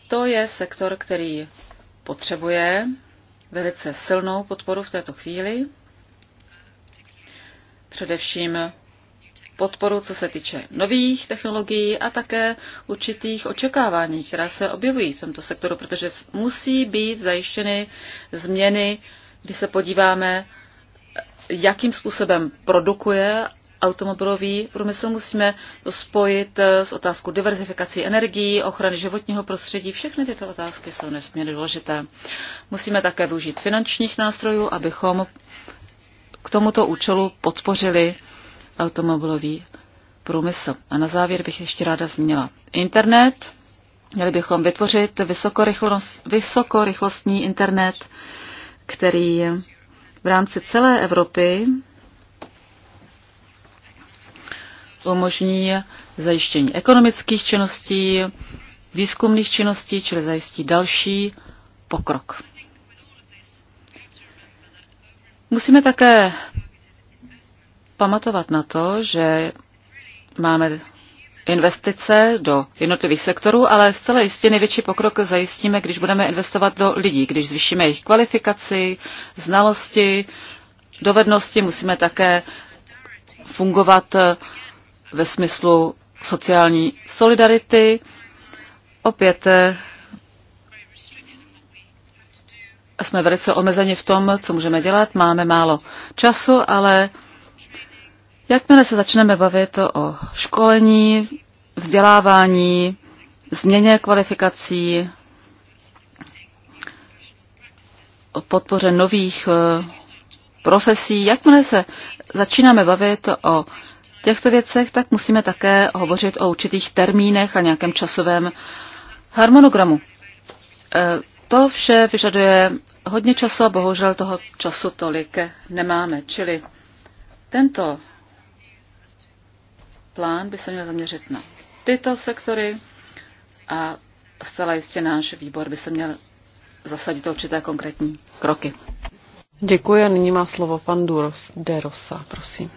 to je sektor, který potřebuje velice silnou podporu v této chvíli. Především podporu, co se týče nových technologií a také určitých očekávání, která se objevují v tomto sektoru, protože musí být zajištěny změny, kdy se podíváme, jakým způsobem produkuje automobilový průmysl. Musíme to spojit eh, s otázkou diverzifikací energií, ochrany životního prostředí. Všechny tyto otázky jsou nesmírně důležité. Musíme také využít finančních nástrojů, abychom k tomuto účelu podpořili automobilový průmysl. A na závěr bych ještě ráda zmínila internet. Měli bychom vytvořit vysokorychlost, vysokorychlostní internet, který v rámci celé Evropy umožní zajištění ekonomických činností, výzkumných činností, čili zajistí další pokrok. Musíme také pamatovat na to, že máme investice do jednotlivých sektorů, ale zcela jistě největší pokrok zajistíme, když budeme investovat do lidí, když zvýšíme jejich kvalifikaci, znalosti, dovednosti. Musíme také fungovat eh, ve smyslu sociální solidarity. Opět eh, jsme velice omezeni v tom, co můžeme dělat. Máme málo času, ale Jakmile se začneme bavit o školení, vzdělávání, změně kvalifikací, o podpoře nových eh, profesí, jakmile se začínáme bavit o těchto věcech, tak musíme také hovořit o určitých termínech a nějakém časovém harmonogramu. Eh, to vše vyžaduje hodně času a bohužel toho času tolik nemáme. Čili tento plán by se měl zaměřit na tyto sektory a zcela jistě náš výbor by se měl zasadit určité konkrétní kroky. Děkuji a nyní má slovo pan Duros de Rosa, prosím.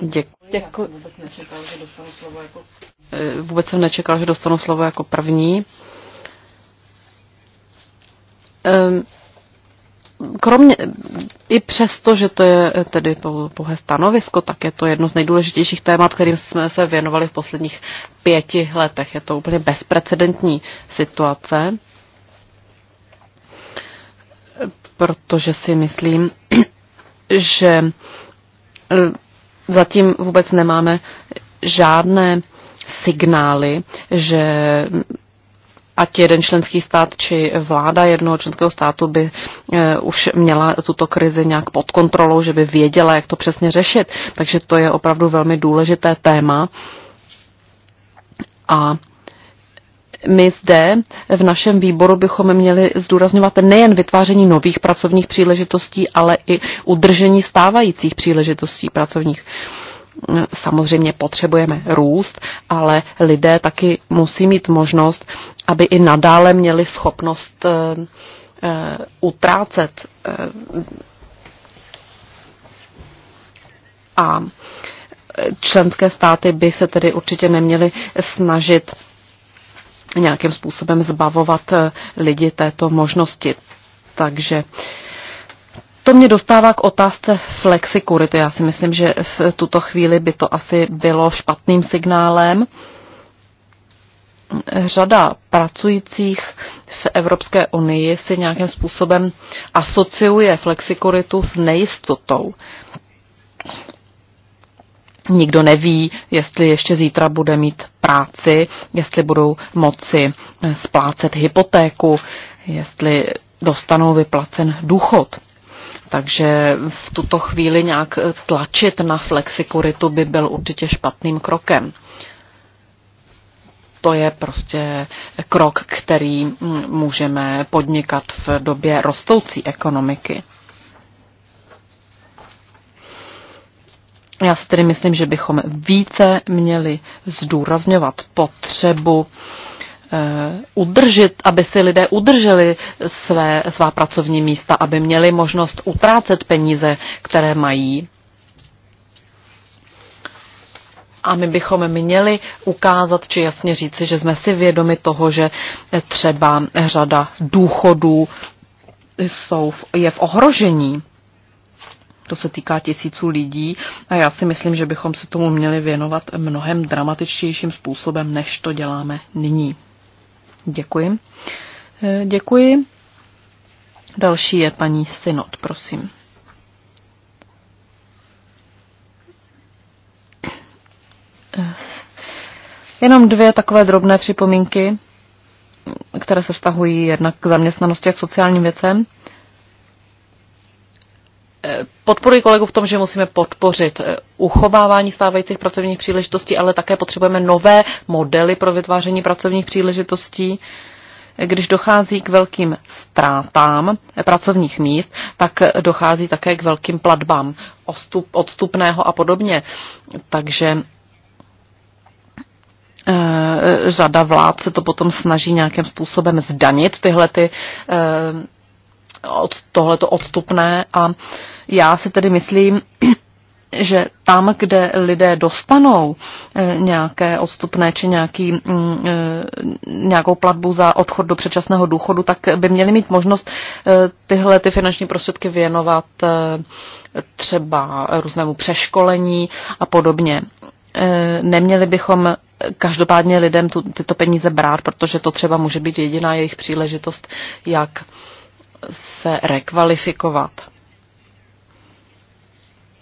Děkuji. Děkuji. Vůbec, nečekal, že dostanu slovo jako... Eh, vůbec jsem nečekal, že dostanu slovo jako první. Um, kromě, i přesto, že to je tedy pouhé stanovisko, tak je to jedno z nejdůležitějších témat, kterým jsme se věnovali v posledních pěti letech. Je to úplně bezprecedentní situace, protože si myslím, že eh, zatím vůbec nemáme žádné signály, že ať jeden členský stát či vláda jednoho členského státu by eh, už měla tuto krizi nějak pod kontrolou, že by věděla, jak to přesně řešit. Takže to je opravdu velmi důležité téma. A my zde v našem výboru bychom měli zdůrazňovat nejen vytváření nových pracovních příležitostí, ale i udržení stávajících příležitostí pracovních samozřejmě potřebujeme růst, ale lidé taky musí mít možnost, aby i nadále měli schopnost eh, eh, utrácet. Eh, a členské státy by se tedy určitě neměly snažit nějakým způsobem zbavovat lidi této možnosti. Takže uh, to mě dostává k otázce flexikurity. Já si myslím, že v tuto chvíli by to asi bylo špatným signálem. Řada pracujících v Evropské unii si nějakým způsobem asociuje flexikuritu s nejistotou. Nikdo neví, jestli ještě zítra bude mít práci, jestli budou moci splácet hypotéku, jestli dostanou vyplacen důchod. Takže v tuto chvíli nějak eh, tlačit na flexikuritu by byl určitě špatným krokem. To je prostě krok, který mm, můžeme podnikat v době rostoucí ekonomiky. Já si tedy myslím, že bychom více měli zdůrazňovat potřebu Eh, udržet, aby si lidé udrželi své, svá pracovní místa, aby měli možnost utrácet peníze, které mají. A my bychom měli ukázat či jasně říci, že jsme si vědomi toho, že třeba řada důchodů jsou v, je v ohrožení. To se týká tisíců lidí a já si myslím, že bychom se tomu měli věnovat mnohem dramatičtějším způsobem, než to děláme nyní. Děkuji. Eh, děkuji. Další je paní Synod, prosím. Eh, jenom dvě takové drobné připomínky, které se vztahují jednak k zaměstnanosti a k sociálním věcem podporuji kolegu v tom, že musíme podpořit eh, uchovávání stávajících pracovních příležitostí, ale také potřebujeme nové modely pro vytváření pracovních příležitostí. Když dochází k velkým ztrátám eh, pracovních míst, tak eh, dochází také k velkým platbám odstupného a podobně. Takže řada vlád se to potom snaží nějakým způsobem zdanit tyhle ty od tohleto odstupné a já si tedy myslím, že tam, kde lidé dostanou eh, nějaké odstupné či nějaký, mm, eh, nějakou platbu za odchod do předčasného důchodu, tak by měli mít možnost eh, tyhle ty finanční prostředky věnovat třeba různému přeškolení a podobně. Neměli bychom každopádně lidem tu, tyto peníze brát, protože to třeba může být jediná jejich příležitost, jak se rekvalifikovat.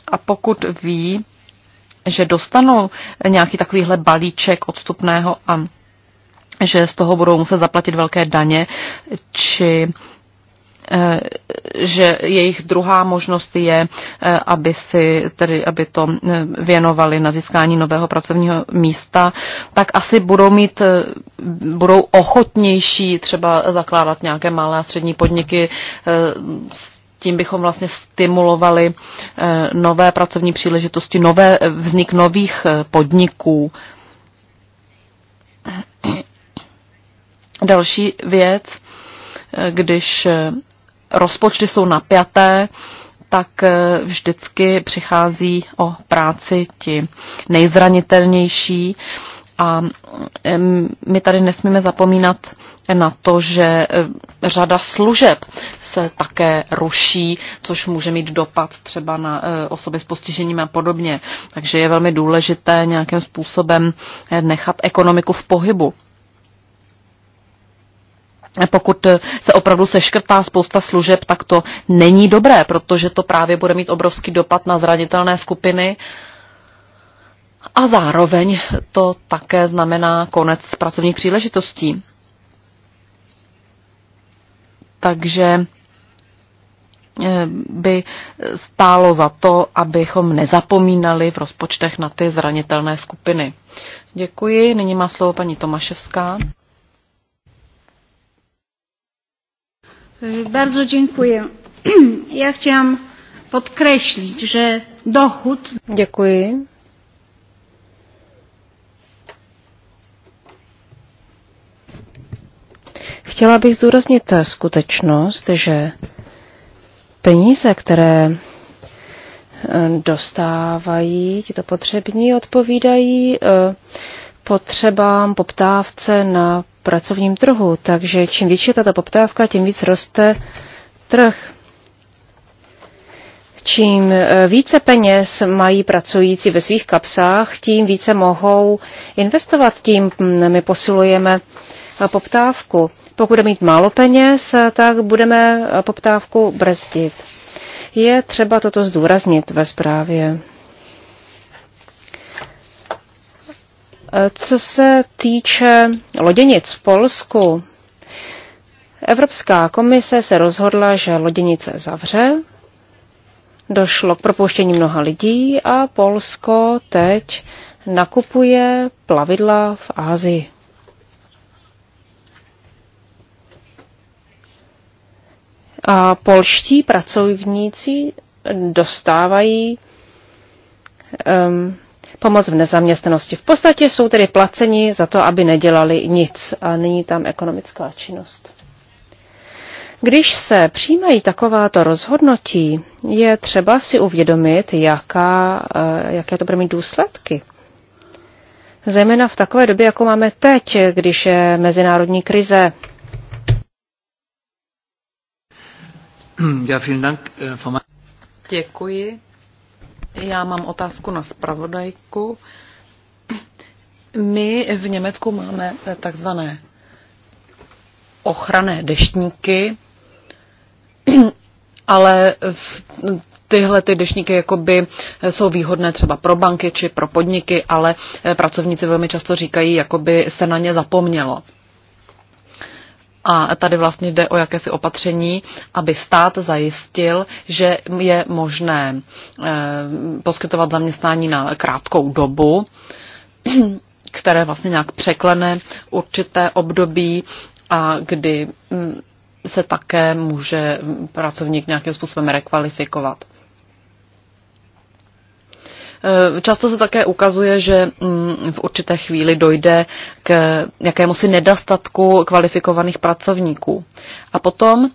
A pokud ví, že dostanou nějaký takovýhle balíček odstupného a že z toho budou muset zaplatit velké daně či že jejich druhá možnost je, eh, aby, si, tedy, aby to eh, věnovali na získání nového pracovního místa, tak asi budou mít, eh, budou ochotnější třeba zakládat nějaké malé a střední podniky tím bychom vlastně stimulovali nové pracovní příležitosti, nové, vznik nových podniků. Další věc, když rozpočty jsou napjaté, tak eh, vždycky přichází o práci ti nejzranitelnější. A my tady nesmíme zapomínat na to, že eh, řada služeb se také ruší, což může mít dopad třeba na eh, osoby s postižením a podobně. Takže je velmi důležité nějakým způsobem nechat ekonomiku v pohybu pokud eh, se opravdu seškrtá spousta služeb, tak to není dobré, protože to právě bude mít obrovský dopad na zranitelné skupiny. A zároveň to také znamená konec pracovních příležitostí. Takže eh, by stálo za to, abychom nezapomínali v rozpočtech na ty zranitelné skupiny. Děkuji. Nyní má slovo paní Tomaševská. Bardzo dziękuję. Ja chciałam podkreślić, że dochód... Děkuji. Chtěla bych zdůraznit skutečnost, že peníze, které eh, dostávají tito potřební, odpovídají eh, potřebám, poptávce na pracovním trhu. Takže čím větší je tato poptávka, tím víc roste trh. Čím eh, více peněz mají pracující ve svých kapsách, tím více mohou investovat, tím hm, my posilujeme eh, poptávku. Pokud mít málo peněz, eh, tak budeme poptávku brzdit. Je třeba toto zdůraznit ve zprávě. Co se týče loděnic v Polsku, Evropská komise se rozhodla, že loděnice zavře, došlo k propouštění mnoha lidí a Polsko teď nakupuje plavidla v Ázii. A polští pracovníci dostávají um, pomoc v nezaměstnanosti. V podstatě jsou tedy placeni za to, aby nedělali nic a není tam ekonomická činnost. Když se přijímají takováto rozhodnutí, je třeba si uvědomit, jaká, eh, jaké to bude mít důsledky. Zejména v takové době, jako máme teď, když je mezinárodní krize. Eh, Děkuji já mám otázku na spravodajku. My v Německu máme takzvané ochranné deštníky, ale v tyhle ty dešníky jakoby jsou výhodné třeba pro banky či pro podniky, ale pracovníci velmi často říkají, jakoby se na ně zapomnělo. A tady vlastně jde o jakési opatření, aby stát zajistil, že je možné eh, poskytovat zaměstnání na krátkou dobu, které vlastně nějak překlene určité období a kdy mm, se také může pracovník nějakým způsobem rekvalifikovat. Eh, často se také ukazuje, že mm, v určité chvíli dojde k jakémusi nedostatku kvalifikovaných pracovníků. A potom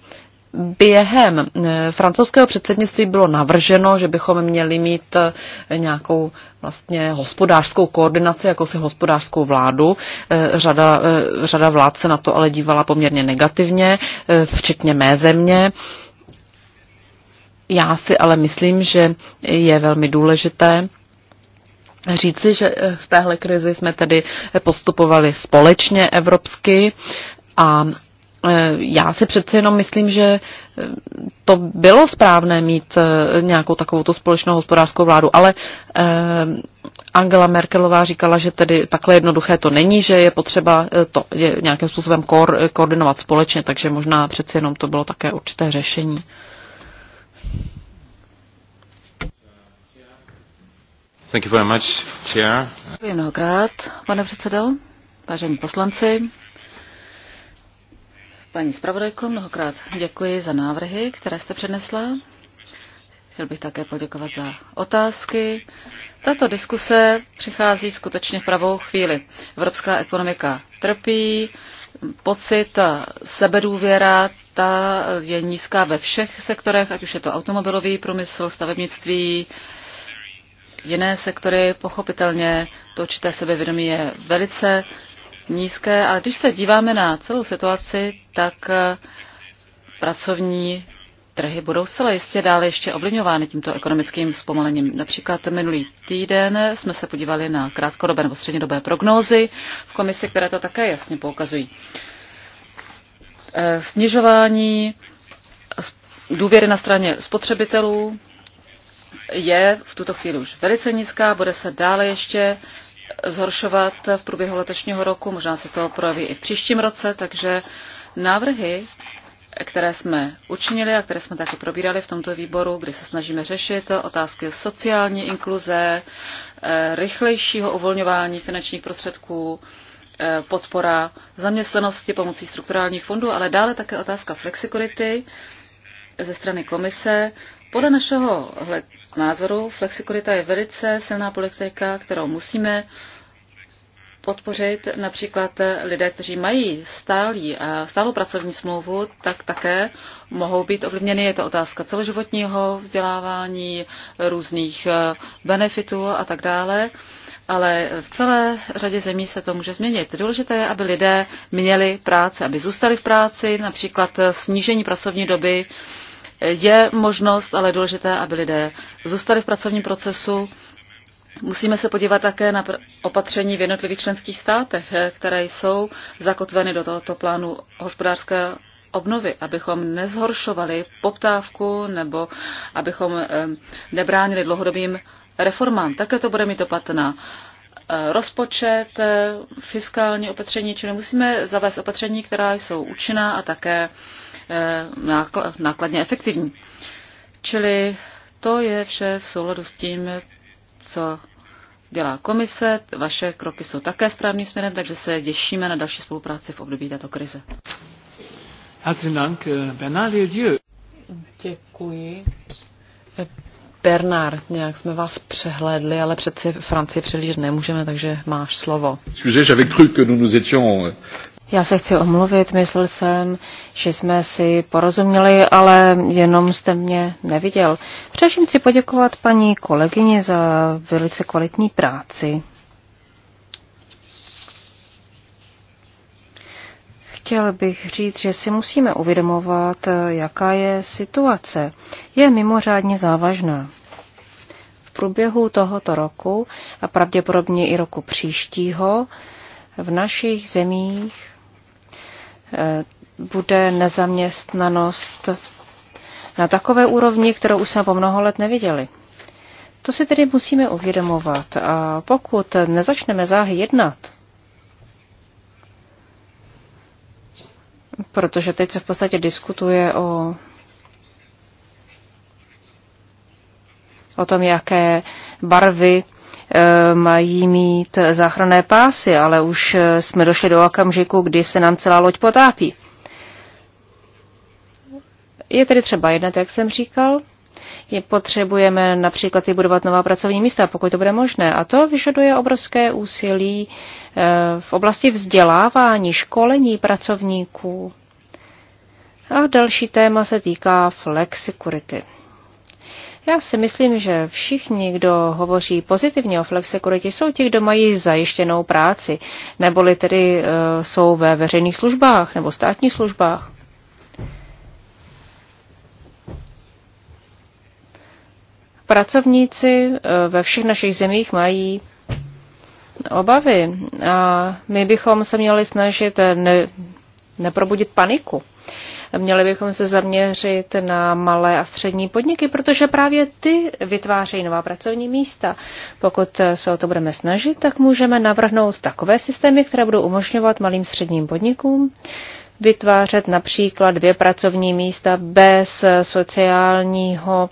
během eh, francouzského předsednictví bylo navrženo, že bychom měli mít eh, nějakou vlastně hospodářskou koordinaci, jako si hospodářskou vládu. Řada, řada vlád se na to ale dívala poměrně negativně, včetně mé země. Já si ale myslím, že je velmi důležité říci, že v téhle krizi jsme tedy postupovali společně evropsky a e, já si přece jenom myslím, že e, to bylo správné mít e, nějakou takovou tu společnou hospodářskou vládu, ale Angela Merkelová říkala, že tedy takhle jednoduché to není, že je potřeba to nějakým způsobem koordinovat společně, takže možná přeci jenom to bylo také určité řešení. Thank you very much, chair. Děkuji mnohokrát, pane předsedo, vážení poslanci. Paní zpravodajko, mnohokrát děkuji za návrhy, které jste přednesla. Chtěl bych také poděkovat za otázky. Tato diskuse přichází skutečně v pravou chvíli. Evropská ekonomika trpí, pocit, sebedůvěra, ta je nízká ve všech sektorech, ať už je to automobilový průmysl, stavebnictví, jiné sektory. Pochopitelně to určité sebevědomí je velice nízké, ale když se díváme na celou situaci, tak pracovní trhy budou zcela jistě dále ještě ovlivňovány tímto ekonomickým zpomalením. Například minulý týden jsme se podívali na krátkodobé nebo střednědobé prognózy v komisi, které to také jasně poukazují. Eh, snižování důvěry na straně spotřebitelů je v tuto chvíli už velice nízká, bude se dále ještě zhoršovat v průběhu letošního roku, možná se to projeví i v příštím roce, takže návrhy které jsme učinili a které jsme také probírali v tomto výboru, kdy se snažíme řešit otázky sociální inkluze, eh, rychlejšího uvolňování finančních prostředků, eh, podpora zaměstnanosti pomocí strukturálních fondů, ale dále také otázka flexikurity ze strany komise. Podle našeho názoru flexikurita je velice silná politika, kterou musíme podpořit například lidé, kteří mají stálý, eh, stálou pracovní smlouvu, tak také mohou být ovlivněny. Je to otázka celoživotního vzdělávání, různých eh, benefitů a tak dále. Ale v celé řadě zemí se to může změnit. Důležité je, aby lidé měli práci, aby zůstali v práci, například snížení pracovní doby je možnost, ale důležité, aby lidé zůstali v pracovním procesu Musíme se podívat také na opatření v jednotlivých členských státech, eh, které jsou zakotveny do tohoto plánu hospodářské obnovy, abychom nezhoršovali poptávku nebo abychom nebránili dlouhodobým reformám. Také to bude mít dopad na eh, rozpočet, eh, fiskální opatření, čili musíme zavést opatření, která jsou účinná a také nákladně efektivní. Čili to je vše v souladu s tím, co dělá komise. Vaše kroky jsou také správným směrem, takže se těšíme na další spolupráci v období této krize. Eh, Děkuji. Eh, Bernard, nějak jsme vás přehlédli, ale přeci Francii přelíž nemůžeme, takže máš slovo. Eh, já se chci omluvit, myslel jsem, že jsme si porozuměli, ale jenom jste mě neviděl. Především chci poděkovat paní kolegyni za velice kvalitní práci. Chtěl bych říct, že si musíme uvědomovat, jaká je situace. Je mimořádně závažná. V průběhu tohoto roku a pravděpodobně i roku příštího v našich zemích Eh, bude nezaměstnanost na takové úrovni, kterou už jsme po mnoho let neviděli. To si tedy musíme uvědomovat a pokud nezačneme záhy jednat, protože teď se v podstatě diskutuje o, o tom, jaké barvy Eh, mají mít záchranné pásy, ale už eh, jsme došli do okamžiku, kdy se nám celá loď potápí. Je tedy třeba jednat, jak jsem říkal. Je potřebujeme například i budovat nová pracovní místa, pokud to bude možné. A to vyžaduje obrovské úsilí eh, v oblasti vzdělávání, školení pracovníků. A další téma se týká flexikurity. Já si myslím, že všichni, kdo hovoří pozitivně o flexikuritě, jsou ti, kdo mají zajištěnou práci, neboli tedy uh, jsou ve veřejných službách nebo státních službách. Pracovníci eh, ve všech našich zemích mají obavy a my bychom se měli snažit eh, ne, neprobudit paniku. Měli bychom se zaměřit na malé a střední podniky, protože právě ty vytvářejí nová pracovní místa. Pokud se o to budeme snažit, tak můžeme navrhnout takové systémy, které budou umožňovat malým středním podnikům vytvářet například dvě pracovní místa bez sociálního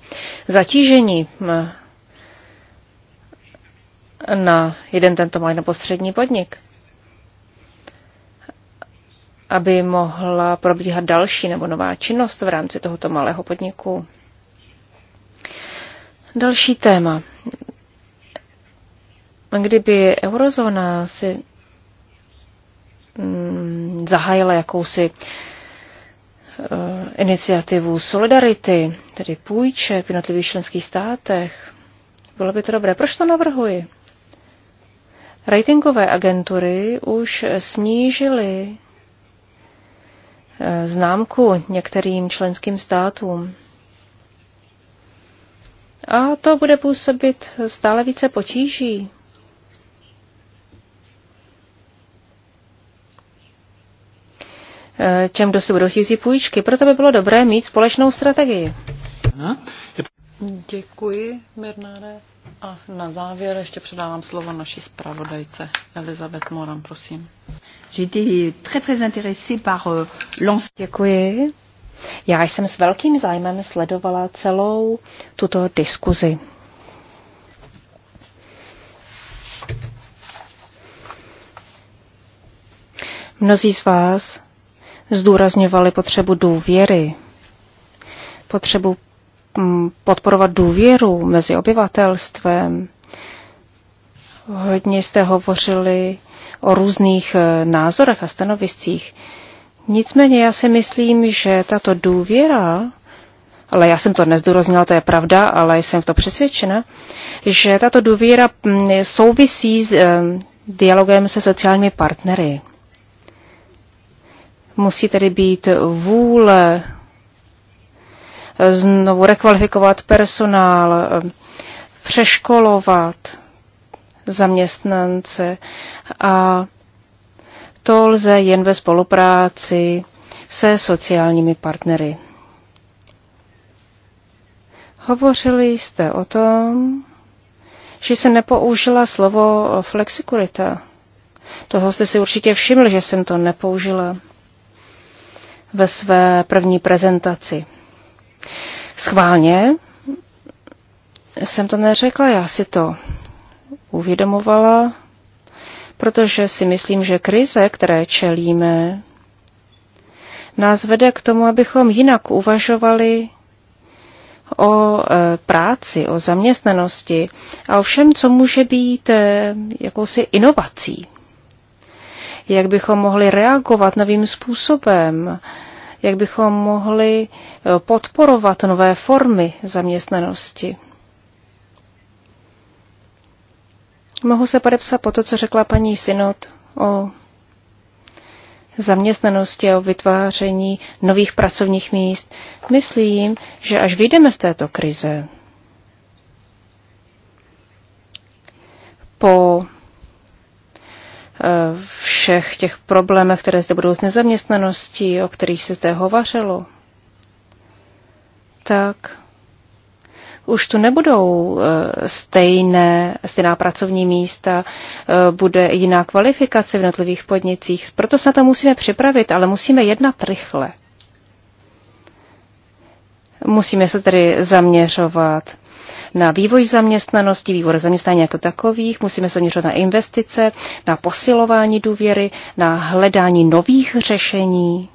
zatížení hm, na jeden tento malý nebo střední podnik aby mohla probíhat další nebo nová činnost v rámci tohoto malého podniku. Další téma. Kdyby eurozóna si mm, zahájila jakousi eh, iniciativu solidarity, tedy půjček v jednotlivých členských státech, bylo by to dobré. Proč to navrhuji? Ratingové agentury už snížily Eh, známku některým členským státům. A to bude působit stále více potíží. Čem eh, do si budou chyzí půjčky. Proto by bylo dobré mít společnou strategii. Děkuji, Bernarde. A na závěr ještě předávám slovo naší zpravodajce Elizabeth Moran, prosím. Euh, Děkuji. Já jsem s velkým zájmem sledovala celou tuto diskuzi. Mnozí z vás zdůrazňovali potřebu důvěry, potřebu Mm, podporovat důvěru mezi obyvatelstvem. Hodně jste hovořili o různých eh, názorech a stanoviscích. Nicméně já si myslím, že tato důvěra, ale já jsem to nezdůraznila, to je pravda, ale jsem v to přesvědčena, že tato důvěra mm, souvisí s eh, dialogem se sociálními partnery. Musí tedy být vůle znovu rekvalifikovat personál, přeškolovat zaměstnance a to lze jen ve spolupráci se sociálními partnery. Hovořili jste o tom, že se nepoužila slovo flexikurita. Toho jste si určitě všiml, že jsem to nepoužila ve své první prezentaci. Schválně jsem to neřekla, já si to uvědomovala, protože si myslím, že krize, které čelíme, nás vede k tomu, abychom jinak uvažovali o e, práci, o zaměstnanosti a o všem, co může být e, jakousi inovací. Jak bychom mohli reagovat novým způsobem, jak bychom mohli eh, podporovat nové formy zaměstnanosti. Mohu se podepsat po to, co řekla paní Synod o zaměstnanosti a o vytváření nových pracovních míst. Myslím, že až vyjdeme z této krize, po Eh, všech těch problémech, které zde budou s nezaměstnaností, o kterých se zde hovařilo, tak už tu nebudou eh, stejné, stejná pracovní místa, eh, bude jiná kvalifikace v jednotlivých podnicích. Proto se na to musíme připravit, ale musíme jednat rychle. Musíme se tedy zaměřovat na vývoj zaměstnanosti, vývoj zaměstnání jako takových, musíme se zaměřovat na investice, na posilování důvěry, na hledání nových řešení,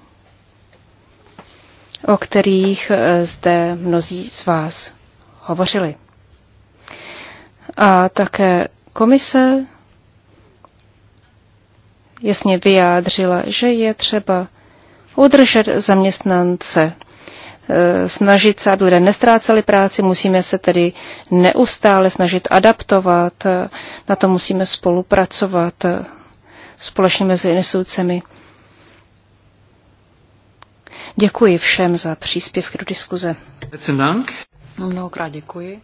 o kterých eh, zde mnozí z vás hovořili. A také komise jasně vyjádřila, že je třeba udržet zaměstnance Eh, snažit se, aby lidé nestráceli práci, musíme se tedy neustále snažit adaptovat, eh, na to musíme spolupracovat eh, společně mezi institucemi. Děkuji všem za příspěvky do diskuze. Mnohokrát děkuji.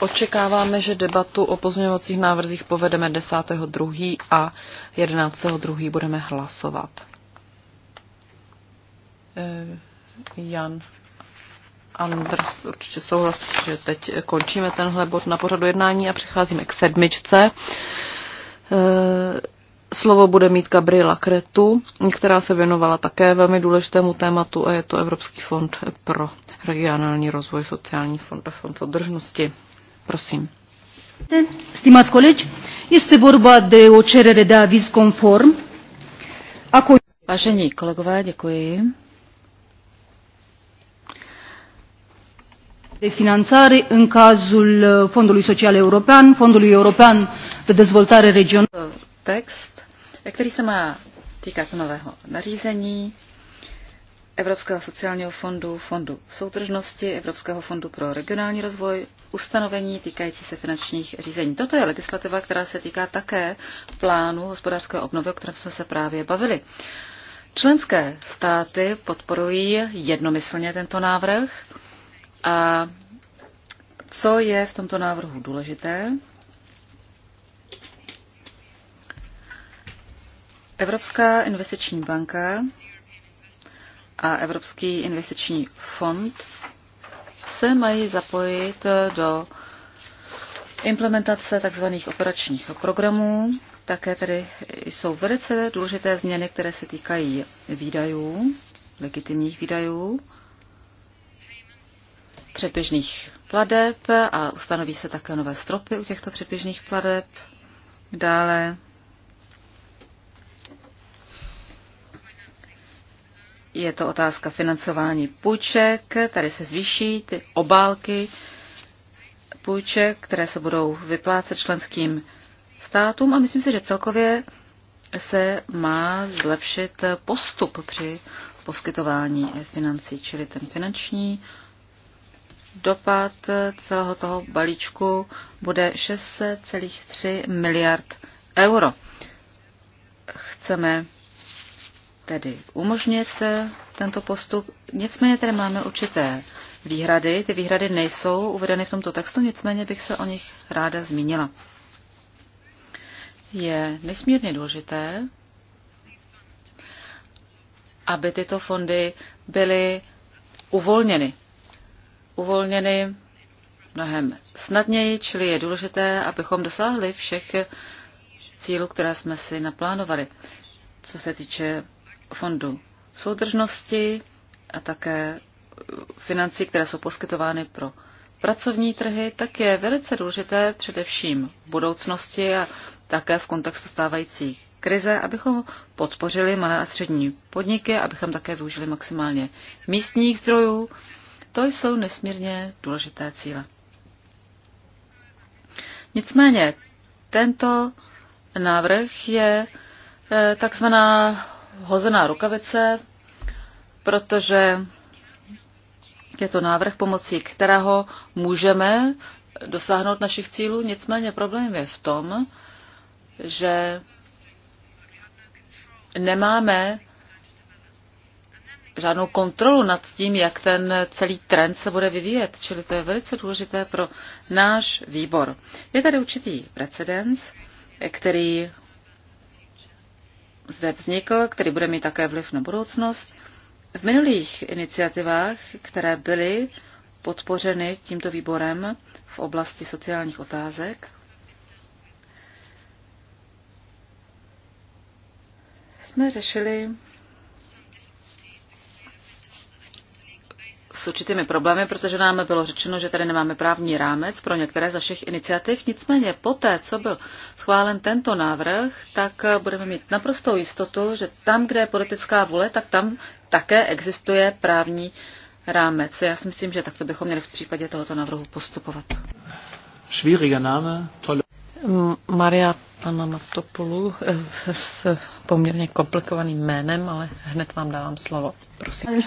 Očekáváme, že debatu o pozměňovacích návrzích povedeme 10.2. a 11.2. budeme hlasovat. Eh, Jan Anders určitě souhlasí, že teď končíme tenhle bod na pořadu jednání a přecházíme k sedmičce. Eh, slovo bude mít Gabriela Kretu, která se věnovala také velmi důležitému tématu a je to Evropský fond pro regionální rozvoj, sociální fond a fond održnosti. Prosím. Stimați colegi, este vorba de o cerere de aviz conform. Vážení kolegové, děkuji. de finanțare în cazul uh, Fondului Social European, Fondului European de Dezvoltare Regională. Text, který se má týkat nového nařízení, Evropského sociálního fondu, Fondu soudržnosti, Evropského fondu pro regionální rozvoj, ustanovení týkající se finančních řízení. Toto je legislativa, která se týká také plánu hospodářského obnovy, o kterém jsme se právě bavili. Členské státy podporují jednomyslně tento návrh. A co je v tomto návrhu důležité? Evropská investiční banka a Evropský investiční fond se mají zapojit do implementace tzv. operačních programů. Také tedy jsou velice důležité změny, které se týkají výdajů, legitimních výdajů předběžných pladeb a ustanoví se také nové stropy u těchto předběžných pladeb. Dále je to otázka financování půjček. Tady se zvýší ty obálky půjček, které se budou vyplácet členským státům a myslím si, že celkově se má zlepšit postup při poskytování financí, čili ten finanční dopad celého toho balíčku bude 6,3 miliard euro. Chceme tedy umožnit tento postup. Nicméně tady máme určité výhrady. Ty výhrady nejsou uvedeny v tomto textu, nicméně bych se o nich ráda zmínila. Je nesmírně důležité, aby tyto fondy byly uvolněny uvolněny mnohem snadněji, čili je důležité, abychom dosáhli všech cílů, které jsme si naplánovali. Co se týče fondu soudržnosti a také financí, které jsou poskytovány pro pracovní trhy, tak je velice důležité především v budoucnosti a také v kontextu stávajících krize, abychom podpořili malé a střední podniky, abychom také využili maximálně místních zdrojů, to jsou nesmírně důležité cíle. Nicméně tento návrh je eh, takzvaná hozená rukavice, protože je to návrh, pomocí kterého můžeme dosáhnout našich cílů, nicméně problém je v tom, že nemáme žádnou kontrolu nad tím, jak ten celý trend se bude vyvíjet, čili to je velice důležité pro náš výbor. Je tady určitý precedens, který zde vznikl, který bude mít také vliv na budoucnost. V minulých iniciativách, které byly podpořeny tímto výborem v oblasti sociálních otázek, jsme řešili určitými problémy, protože nám bylo řečeno, že tady nemáme právní rámec pro některé z našich iniciativ. Nicméně poté, co byl schválen tento návrh, tak budeme mít naprostou jistotu, že tam, kde je politická vůle, tak tam také existuje právní rámec. Já si myslím, že takto bychom měli v případě tohoto návrhu postupovat. Schwieriger Name, tolle. Maria pana Matopulu eh, s poměrně komplikovaným jménem, ale hned vám dávám slovo. Prosím.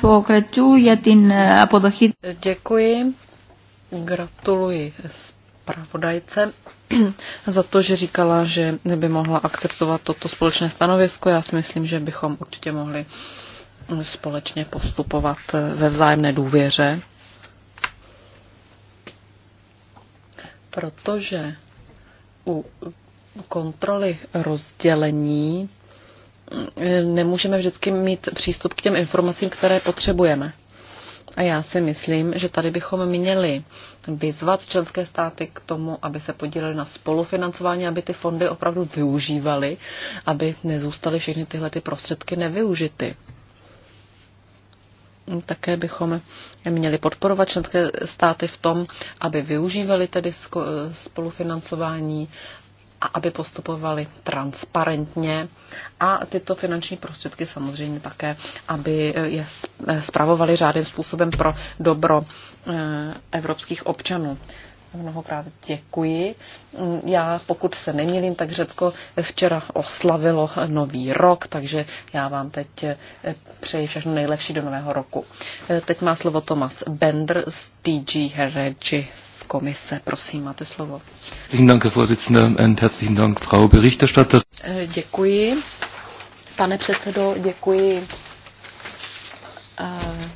Děkuji. Gratuluji zpravodajce za to, že říkala, že by mohla akceptovat toto společné stanovisko. Já si myslím, že bychom určitě mohli společně postupovat eh, ve vzájemné důvěře. Protože u kontroly rozdělení nemůžeme vždycky mít přístup k těm informacím, které potřebujeme. A já si myslím, že tady bychom měli vyzvat členské státy k tomu, aby se podíleli na spolufinancování, aby ty fondy opravdu využívaly, aby nezůstaly všechny tyhle ty prostředky nevyužity. Také bychom měli podporovat členské státy v tom, aby využívali tedy spolufinancování a aby postupovali transparentně a tyto finanční prostředky samozřejmě také, aby je spravovali řádným způsobem pro dobro eh, evropských občanů. Mnohokrát děkuji. Já, pokud se nemýlím, tak Řecko včera oslavilo nový rok, takže já vám teď eh, přeji všechno nejlepší do nového roku. Eh, teď má slovo Tomas Bender z DG Regis komise. Prosím, máte slovo. Eh, děkuji. Pane předsedo, děkuji eh,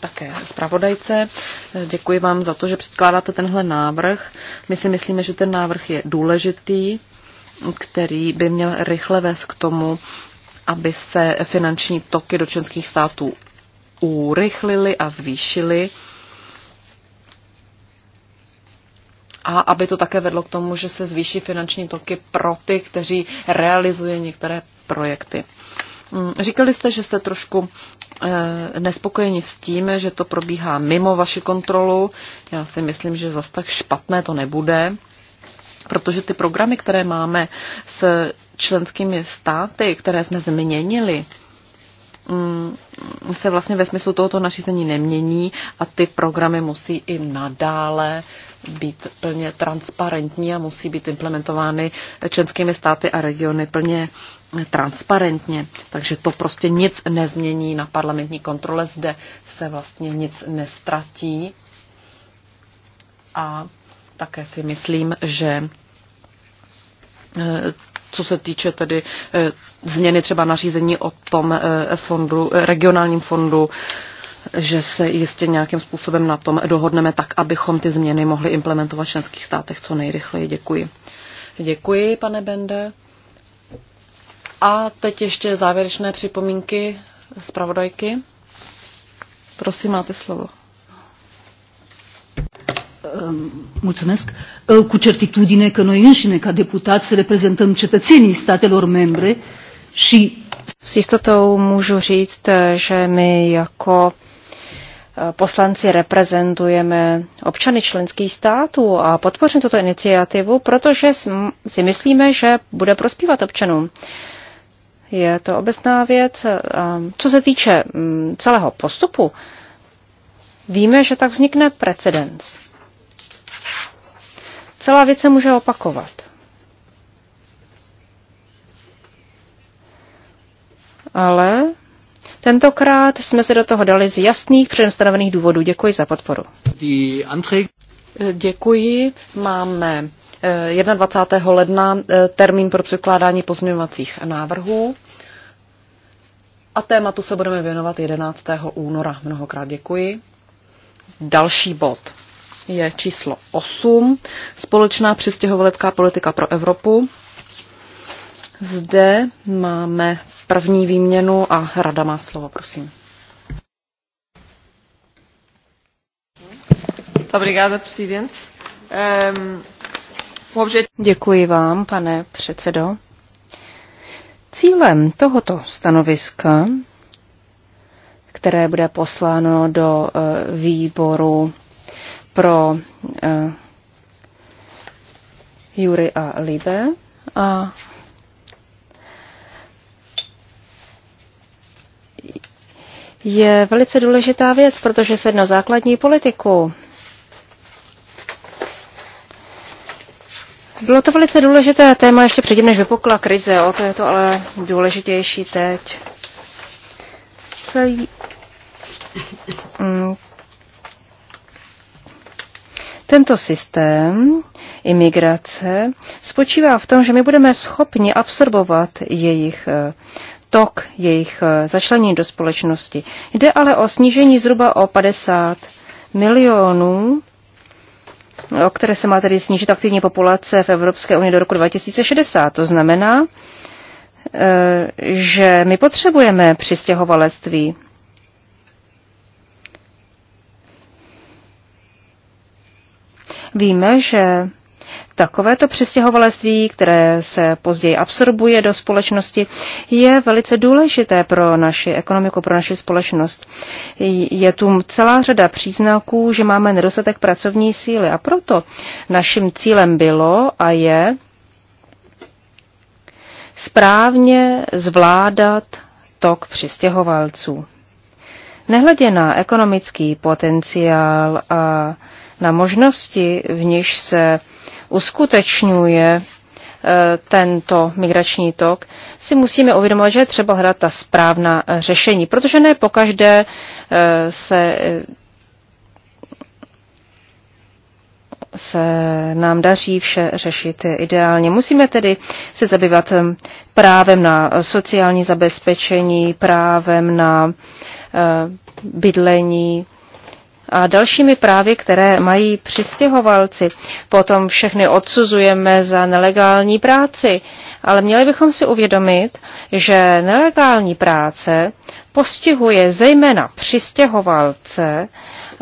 také zpravodajce. Eh, děkuji vám za to, že předkládáte tenhle návrh. My si myslíme, že ten návrh je důležitý, který by měl rychle vést k tomu, aby se finanční toky do členských států urychlily a zvýšily a aby to také vedlo k tomu, že se zvýší finanční toky pro ty, kteří realizují některé projekty. Mm, říkali jste, že jste trošku eh, nespokojeni s tím, že to probíhá mimo vaši kontrolu. Já si myslím, že zas tak špatné to nebude, protože ty programy, které máme s členskými státy, které jsme změnili, Mm, se vlastně ve smyslu tohoto nařízení nemění a ty programy musí i nadále být plně transparentní a musí být implementovány členskými státy a regiony plně transparentně. Takže to prostě nic nezmění na parlamentní kontrole. Zde se vlastně nic nestratí. A také si myslím, že eh, co se týče tedy eh, změny třeba nařízení o tom eh, fondu, eh, regionálním fondu, že se jistě nějakým způsobem na tom dohodneme tak, abychom ty změny mohli implementovat v členských státech co nejrychleji. Děkuji. Děkuji, pane Bende. A teď ještě závěrečné připomínky zpravodajky. Prosím, máte slovo. Ehm, mulțumesc, ehm, cu certitudine că noi înșine, ca deputați, reprezentăm cetățenii statelor membre și... S jistotou můžu říct, že my jako eh, poslanci reprezentujeme občany členských států a podpořím tuto iniciativu, protože si myslíme, že bude prospívat občanům. Je to obecná věc. Ehm, co se týče mm, celého postupu, víme, že tak vznikne precedens. Celá věc se může opakovat. Ale tentokrát jsme se do toho dali z jasných předem stanovených důvodů. Děkuji za podporu. Děkuji. Máme 21. Eh, ledna eh, termín pro překládání pozměňovacích návrhů. A tématu se budeme věnovat 11. února. Mnohokrát děkuji. Další bod je číslo 8, společná přistěhovalecká politika pro Evropu. Zde máme první výměnu a rada má slovo, prosím. Ehm, Děkuji vám, pane předsedo. Cílem tohoto stanoviska, které bude posláno do eh, výboru pro uh, Jury a Libe. A je velice důležitá věc, protože se na základní politiku. Bylo to velice důležité téma ještě předtím, než vypukla krize, o to je to ale důležitější teď. Celý mm, tento systém imigrace spočívá v tom, že my budeme schopni absorbovat jejich eh, tok, jejich eh, začlenění do společnosti. Jde ale o snížení zhruba o 50 milionů, o které se má tedy snížit aktivní populace v Evropské unii do roku 2060. To znamená, eh, že my potřebujeme přistěhovalectví Víme, že Takovéto přistěhovalectví, které se později absorbuje do společnosti, je velice důležité pro naši ekonomiku, pro naši společnost. Je tu celá řada příznaků, že máme nedostatek pracovní síly a proto naším cílem bylo a je správně zvládat tok přistěhovalců. Nehledě na ekonomický potenciál a na možnosti, v níž se uskutečňuje eh, tento migrační tok, si musíme uvědomovat, že je třeba hledat ta správná eh, řešení, protože ne pokaždé eh, se, se nám daří vše řešit ideálně. Musíme tedy se zabývat právem na sociální zabezpečení, právem na bydlení, a dalšími právy, které mají přistěhovalci. Potom všechny odsuzujeme za nelegální práci, ale měli bychom si uvědomit, že nelegální práce postihuje zejména přistěhovalce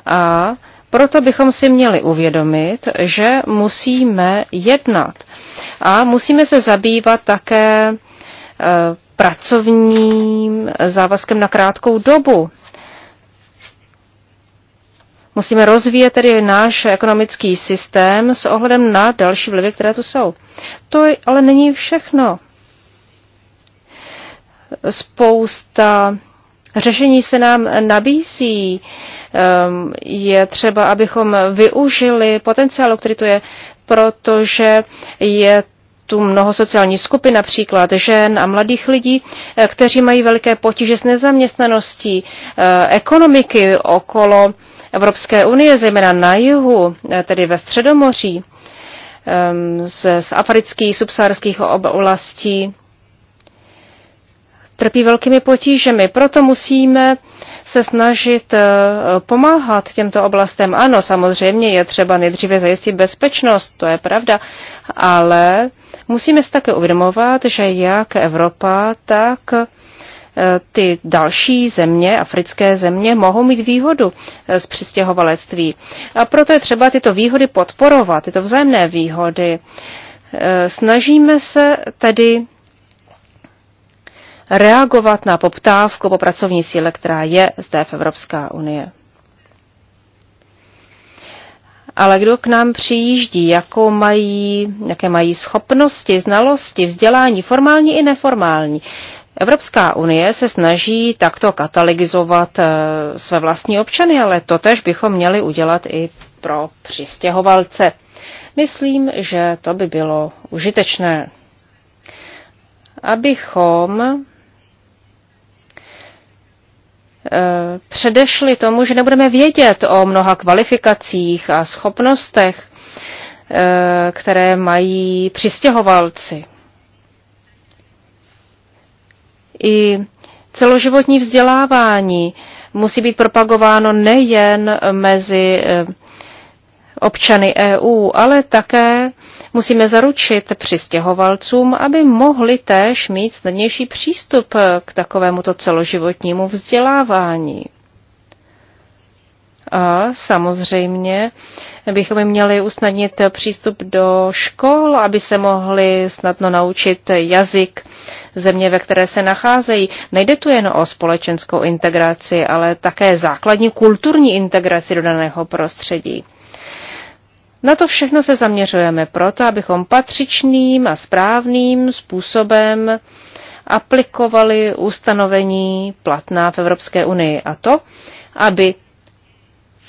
a proto bychom si měli uvědomit, že musíme jednat. A musíme se zabývat také eh, pracovním závazkem na krátkou dobu. Musíme rozvíjet tedy náš ekonomický systém s ohledem na další vlivy, které tu jsou. To ale není všechno. Spousta řešení se nám nabízí. Ehm, je třeba, abychom využili potenciál, který tu je, protože je tu mnoho sociálních skupin, například žen a mladých lidí, eh, kteří mají velké potíže s nezaměstnaností, eh, ekonomiky okolo Evropské unie, zejména na jihu, eh, tedy ve Středomoří, ehm, z, z afrických subsaharských oblastí, trpí velkými potížemi. Proto musíme se snažit eh, pomáhat těmto oblastem. Ano, samozřejmě je třeba nejdříve zajistit bezpečnost, to je pravda, ale musíme se také uvědomovat, že jak Evropa, tak Eh, ty další země, africké země, mohou mít výhodu eh, z přistěhovalectví. A proto je třeba tyto výhody podporovat, tyto vzájemné výhody. Eh, snažíme se tedy reagovat na poptávku po pracovní síle, která je zde v Evropská unie. Ale kdo k nám přijíždí, jakou mají, jaké mají schopnosti, znalosti, vzdělání, formální i neformální. Evropská unie se snaží takto katalyzovat eh, své vlastní občany, ale totež bychom měli udělat i pro přistěhovalce. Myslím, že to by bylo užitečné, abychom eh, předešli tomu, že nebudeme vědět o mnoha kvalifikacích a schopnostech, eh, které mají přistěhovalci. I celoživotní vzdělávání musí být propagováno nejen mezi eh, občany EU, ale také musíme zaručit přistěhovalcům, aby mohli též mít snadnější přístup eh, k takovémuto celoživotnímu vzdělávání. A samozřejmě bychom měli usnadnit přístup do škol, aby se mohli snadno naučit jazyk země, ve které se nacházejí. Nejde tu jen o společenskou integraci, ale také základní kulturní integraci do daného prostředí. Na to všechno se zaměřujeme proto, abychom patřičným a správným způsobem aplikovali ustanovení platná v Evropské unii a to, aby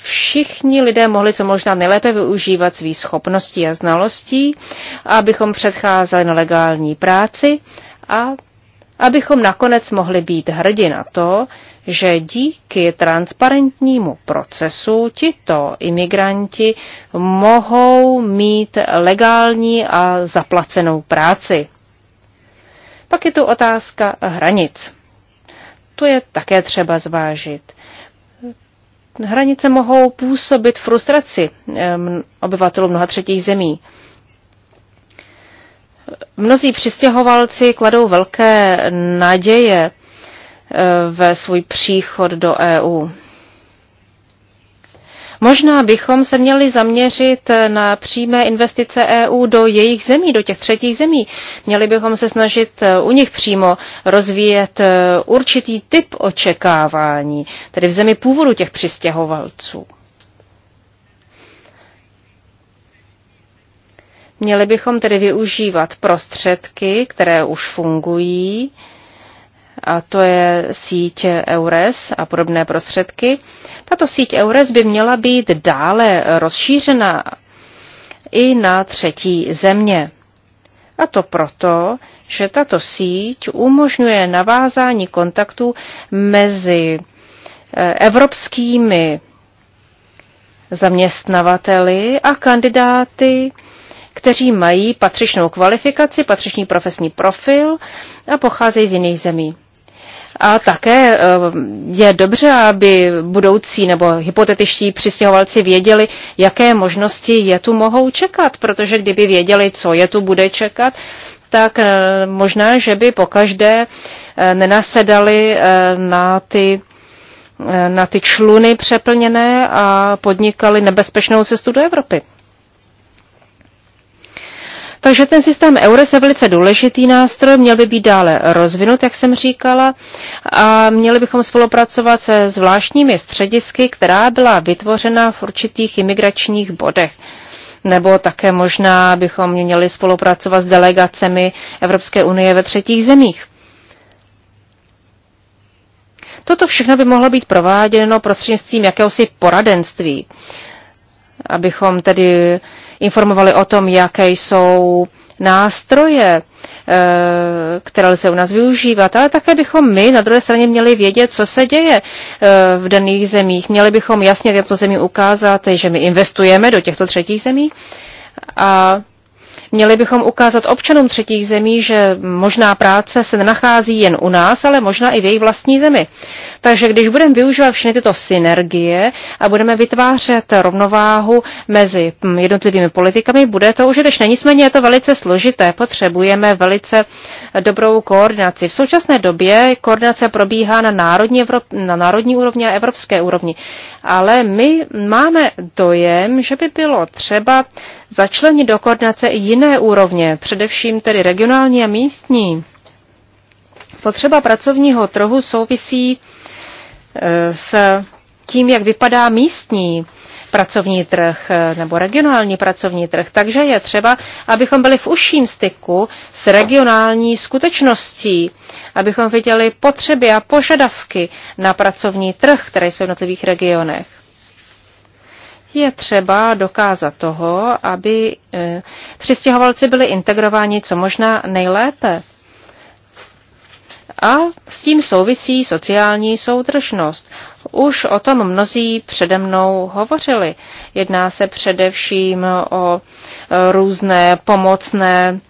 všichni lidé mohli co možná nejlépe využívat svý schopností a znalostí, abychom předcházeli nelegální práci a abychom nakonec mohli být hrdi na to, že díky transparentnímu procesu tito imigranti mohou mít legální a zaplacenou práci. Pak je tu otázka hranic. Tu je také třeba zvážit. Hranice mohou působit frustraci obyvatelů mnoha třetích zemí. Mnozí přistěhovalci kladou velké naděje eh, ve svůj příchod do EU. Možná bychom se měli zaměřit eh, na přímé investice EU do jejich zemí, do těch třetích zemí. Měli bychom se snažit eh, u nich přímo rozvíjet eh, určitý typ očekávání, tedy v zemi původu těch přistěhovalců. Měli bychom tedy využívat prostředky, které už fungují, a to je síť EURES a podobné prostředky. Tato síť EURES by měla být dále rozšířena i na třetí země. A to proto, že tato síť umožňuje navázání kontaktů mezi eh, evropskými zaměstnavateli a kandidáty, kteří mají patřičnou kvalifikaci, patřičný profesní profil a pocházejí z jiných zemí. A také eh, je dobře, aby budoucí nebo hypotetičtí přistěhovalci věděli, jaké možnosti je tu mohou čekat, protože kdyby věděli, co je tu bude čekat, tak eh, možná, že by pokaždé eh, nenasedali na ty na ty čluny přeplněné a podnikali nebezpečnou cestu do Evropy. Takže ten systém EURES je velice důležitý nástroj, měl by být dále rozvinut, jak jsem říkala, a měli bychom spolupracovat se zvláštními středisky, která byla vytvořena v určitých imigračních bodech nebo také možná bychom měli spolupracovat s delegacemi Evropské unie ve třetích zemích. Toto všechno by mohlo být prováděno prostřednictvím jakéhosi poradenství, abychom tedy informovali o tom, jaké jsou nástroje, eh, které lze u nás využívat, ale také bychom my na druhé straně měli vědět, co se děje eh, v daných zemích. Měli bychom jasně těmto zemím ukázat, že my investujeme do těchto třetích zemí a Měli bychom ukázat občanům třetích zemí, že možná práce se nenachází jen u nás, ale možná i v jejich vlastní zemi. Takže když budeme využívat všechny tyto synergie a budeme vytvářet rovnováhu mezi jednotlivými politikami, bude to užitečné. Nicméně je to velice složité. Potřebujeme velice dobrou koordinaci. V současné době koordinace probíhá na národní, Evrop, na národní úrovni a evropské úrovni. Ale my máme dojem, že by bylo třeba začlenit do koordinace i jiné úrovně, především tedy regionální a místní. Potřeba pracovního trhu souvisí e, s tím, jak vypadá místní pracovní trh e, nebo regionální pracovní trh. Takže je třeba, abychom byli v užším styku s regionální skutečností, abychom viděli potřeby a požadavky na pracovní trh, které jsou v jednotlivých regionech je třeba dokázat toho, aby eh, přistěhovalci byli integrováni co možná nejlépe. A s tím souvisí sociální soudržnost. Už o tom mnozí přede mnou hovořili. Jedná se především o eh, různé pomocné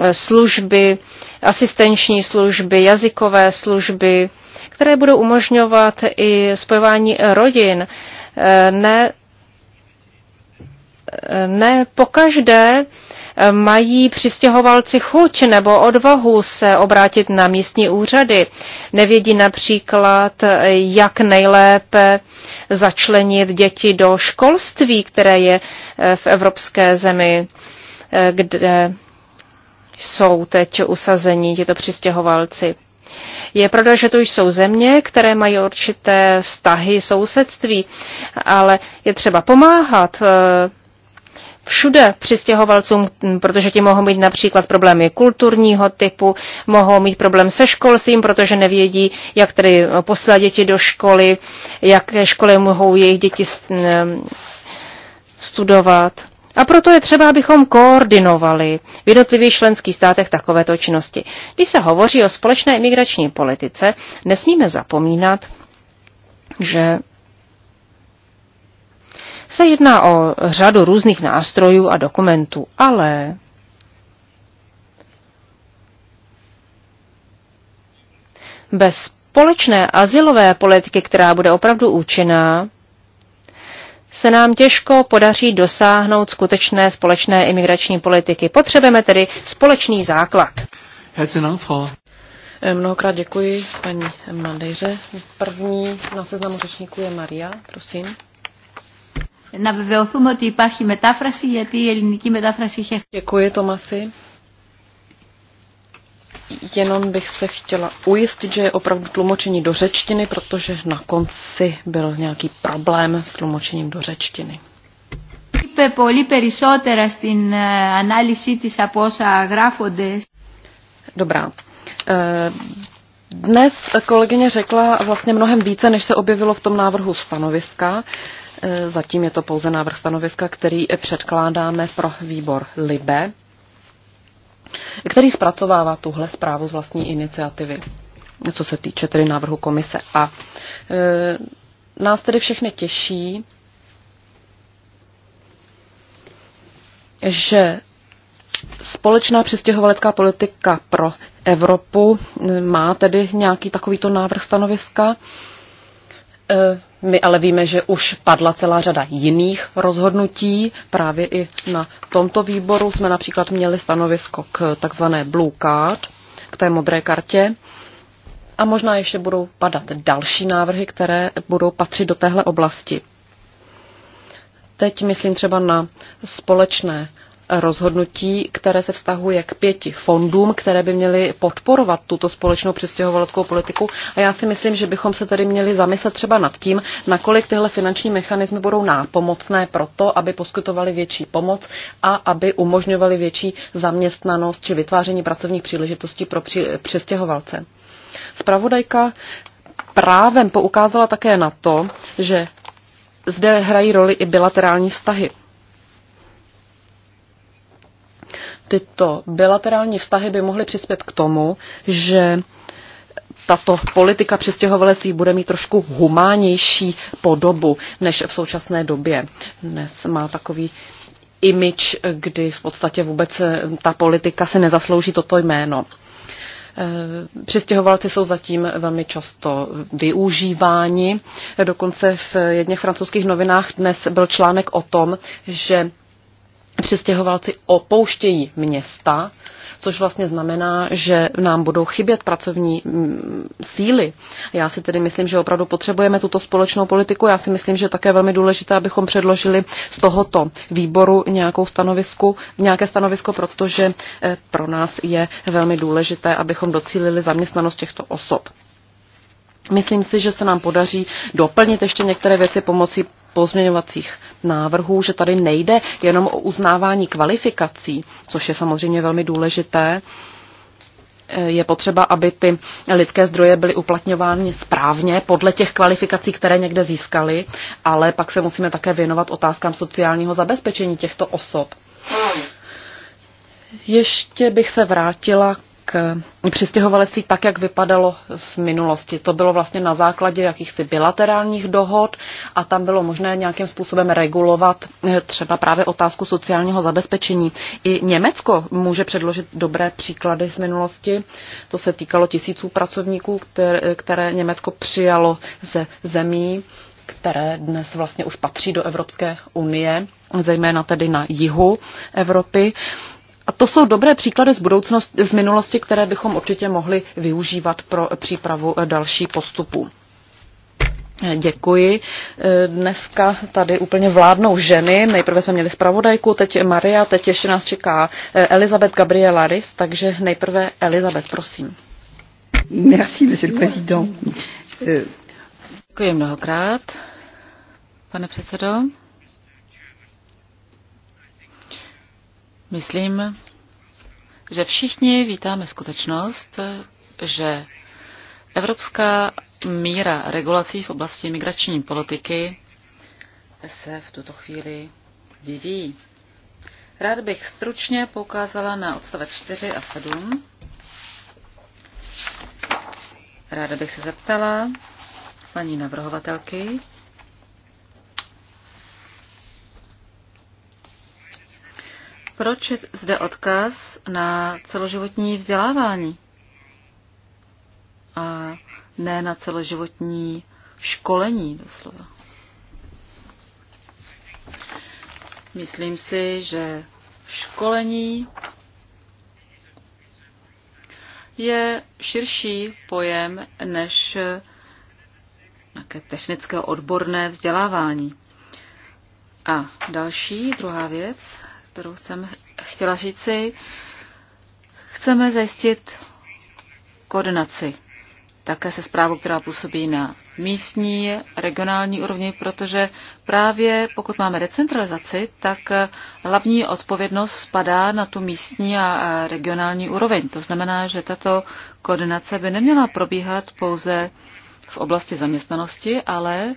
eh, služby, asistenční služby, jazykové služby, které budou umožňovat i spojování rodin, ne ne pokaždé eh, mají přistěhovalci chuť nebo odvahu se obrátit na místní úřady. Nevědí například, eh, jak nejlépe začlenit děti do školství, které je eh, v evropské zemi, kde jsou teď usazení těto přistěhovalci. Je pravda, že to už jsou země, které mají určité vztahy, sousedství, ale je třeba pomáhat všude přistěhovalcům, protože ti mohou mít například problémy kulturního typu, mohou mít problém se školstvím, protože nevědí, jak tedy poslat děti do školy, jaké školy mohou jejich děti studovat. A proto je třeba, abychom koordinovali v jednotlivých členských státech takovéto činnosti. Když se hovoří o společné imigrační politice, nesmíme zapomínat, že se jedná o řadu různých nástrojů a dokumentů, ale bez společné asilové politiky, která bude opravdu účinná, se nám těžko podaří dosáhnout skutečné společné imigrační politiky. Potřebujeme tedy společný základ. Eh, mnohokrát děkuji paní Mandejře. První na seznamu řečníků je Maria, prosím να βεβαιωθούμε ότι υπάρχει μετάφραση γιατί η ελληνική μετάφραση είχε... Děkuji, Tomasi. Jenom bych se chtěla ujistit, že je opravdu tlumočení do řečtiny, protože na konci byl nějaký problém s tlumočením do řečtiny. Είπε πολύ περισσότερα στην ανάλυση της από όσα γράφονται. Dobrá. Dnes kolegyně řekla vlastně mnohem více, než se objevilo v tom návrhu stanoviska. Zatím je to pouze návrh stanoviska, který předkládáme pro výbor LIBE, který zpracovává tuhle zprávu z vlastní iniciativy, co se týče tedy návrhu komise. A e, nás tedy všechny těší, že společná přistěhovalecká politika pro Evropu e, má tedy nějaký takovýto návrh stanoviska. E, E, my ale víme, že už padla celá řada jiných rozhodnutí. Právě i na tomto výboru jsme například měli stanovisko k takzvané Blue Card, k té modré kartě. A možná ještě budou padat další návrhy, které budou patřit do téhle oblasti. Teď myslím třeba na společné rozhodnutí, které se vztahuje k pěti fondům, které by měly podporovat tuto společnou přistěhovaleckou politiku. A já si myslím, že bychom se tady měli zamyslet třeba nad tím, nakolik tyhle finanční mechanismy budou nápomocné pro to, aby poskytovali větší pomoc a aby umožňovali větší zaměstnanost či vytváření pracovních příležitostí pro při, přistěhovalce. Spravodajka právem poukázala také na to, že zde hrají roli i bilaterální vztahy. tyto bilaterální vztahy by mohly přispět k tomu, že tato politika přistěhovalectví bude mít trošku humánější podobu než v současné době. Dnes má takový image, kdy v podstatě vůbec eh, ta politika si nezaslouží toto jméno. Eh, přistěhovalci jsou zatím velmi často využíváni. Dokonce v jedných francouzských novinách dnes byl článek o tom, že přistěhovalci opouštějí města, což vlastně znamená, že nám budou chybět pracovní mm, síly. Já si tedy myslím, že opravdu potřebujeme tuto společnou politiku. Já si myslím, že je také velmi důležité, abychom předložili z tohoto výboru nějakou stanovisku, nějaké stanovisko, protože eh, pro nás je velmi důležité, abychom docílili zaměstnanost těchto osob. Myslím si, že se nám podaří doplnit ještě některé věci pomocí pozměňovacích návrhů, že tady nejde jenom o uznávání kvalifikací, což je samozřejmě velmi důležité. Eh, je potřeba, aby ty lidské zdroje byly uplatňovány správně podle těch kvalifikací, které někde získali, ale pak se musíme také věnovat otázkám sociálního zabezpečení těchto osob. Hmm. Ještě bych se vrátila Eh, si tak, jak vypadalo v minulosti. To bylo vlastně na základě jakýchsi bilaterálních dohod a tam bylo možné nějakým způsobem regulovat eh, třeba právě otázku sociálního zabezpečení. I Německo může předložit dobré příklady z minulosti. To se týkalo tisíců pracovníků, které, které Německo přijalo ze zemí, které dnes vlastně už patří do Evropské unie, zejména tedy na jihu Evropy. A to jsou dobré příklady z, budoucnosti, z minulosti, které bychom určitě mohli využívat pro přípravu eh, další postupů. Eh, děkuji. Eh, dneska tady úplně vládnou ženy. Nejprve jsme měli zpravodajku, teď Maria, teď ještě nás čeká Elizabeth Gabriela Rys, takže nejprve Elizabeth, prosím. Merci, monsieur le président. Děkuji mnohokrát, pane předsedo. Myslím, že všichni vítáme skutečnost, že evropská míra regulací v oblasti migrační politiky se v tuto chvíli vyvíjí. Rád bych stručně poukázala na odstavec 4 a 7. Ráda bych se zeptala paní navrhovatelky, Proč je zde odkaz na celoživotní vzdělávání a ne na celoživotní školení doslova? Myslím si, že školení je širší pojem než nějaké technické odborné vzdělávání. A další, druhá věc, kterou jsem chtěla říci. Chceme zajistit koordinaci také se zprávou, která působí na místní, regionální úrovni, protože právě pokud máme decentralizaci, tak hlavní odpovědnost spadá na tu místní a regionální úroveň. To znamená, že tato koordinace by neměla probíhat pouze v oblasti zaměstnanosti, ale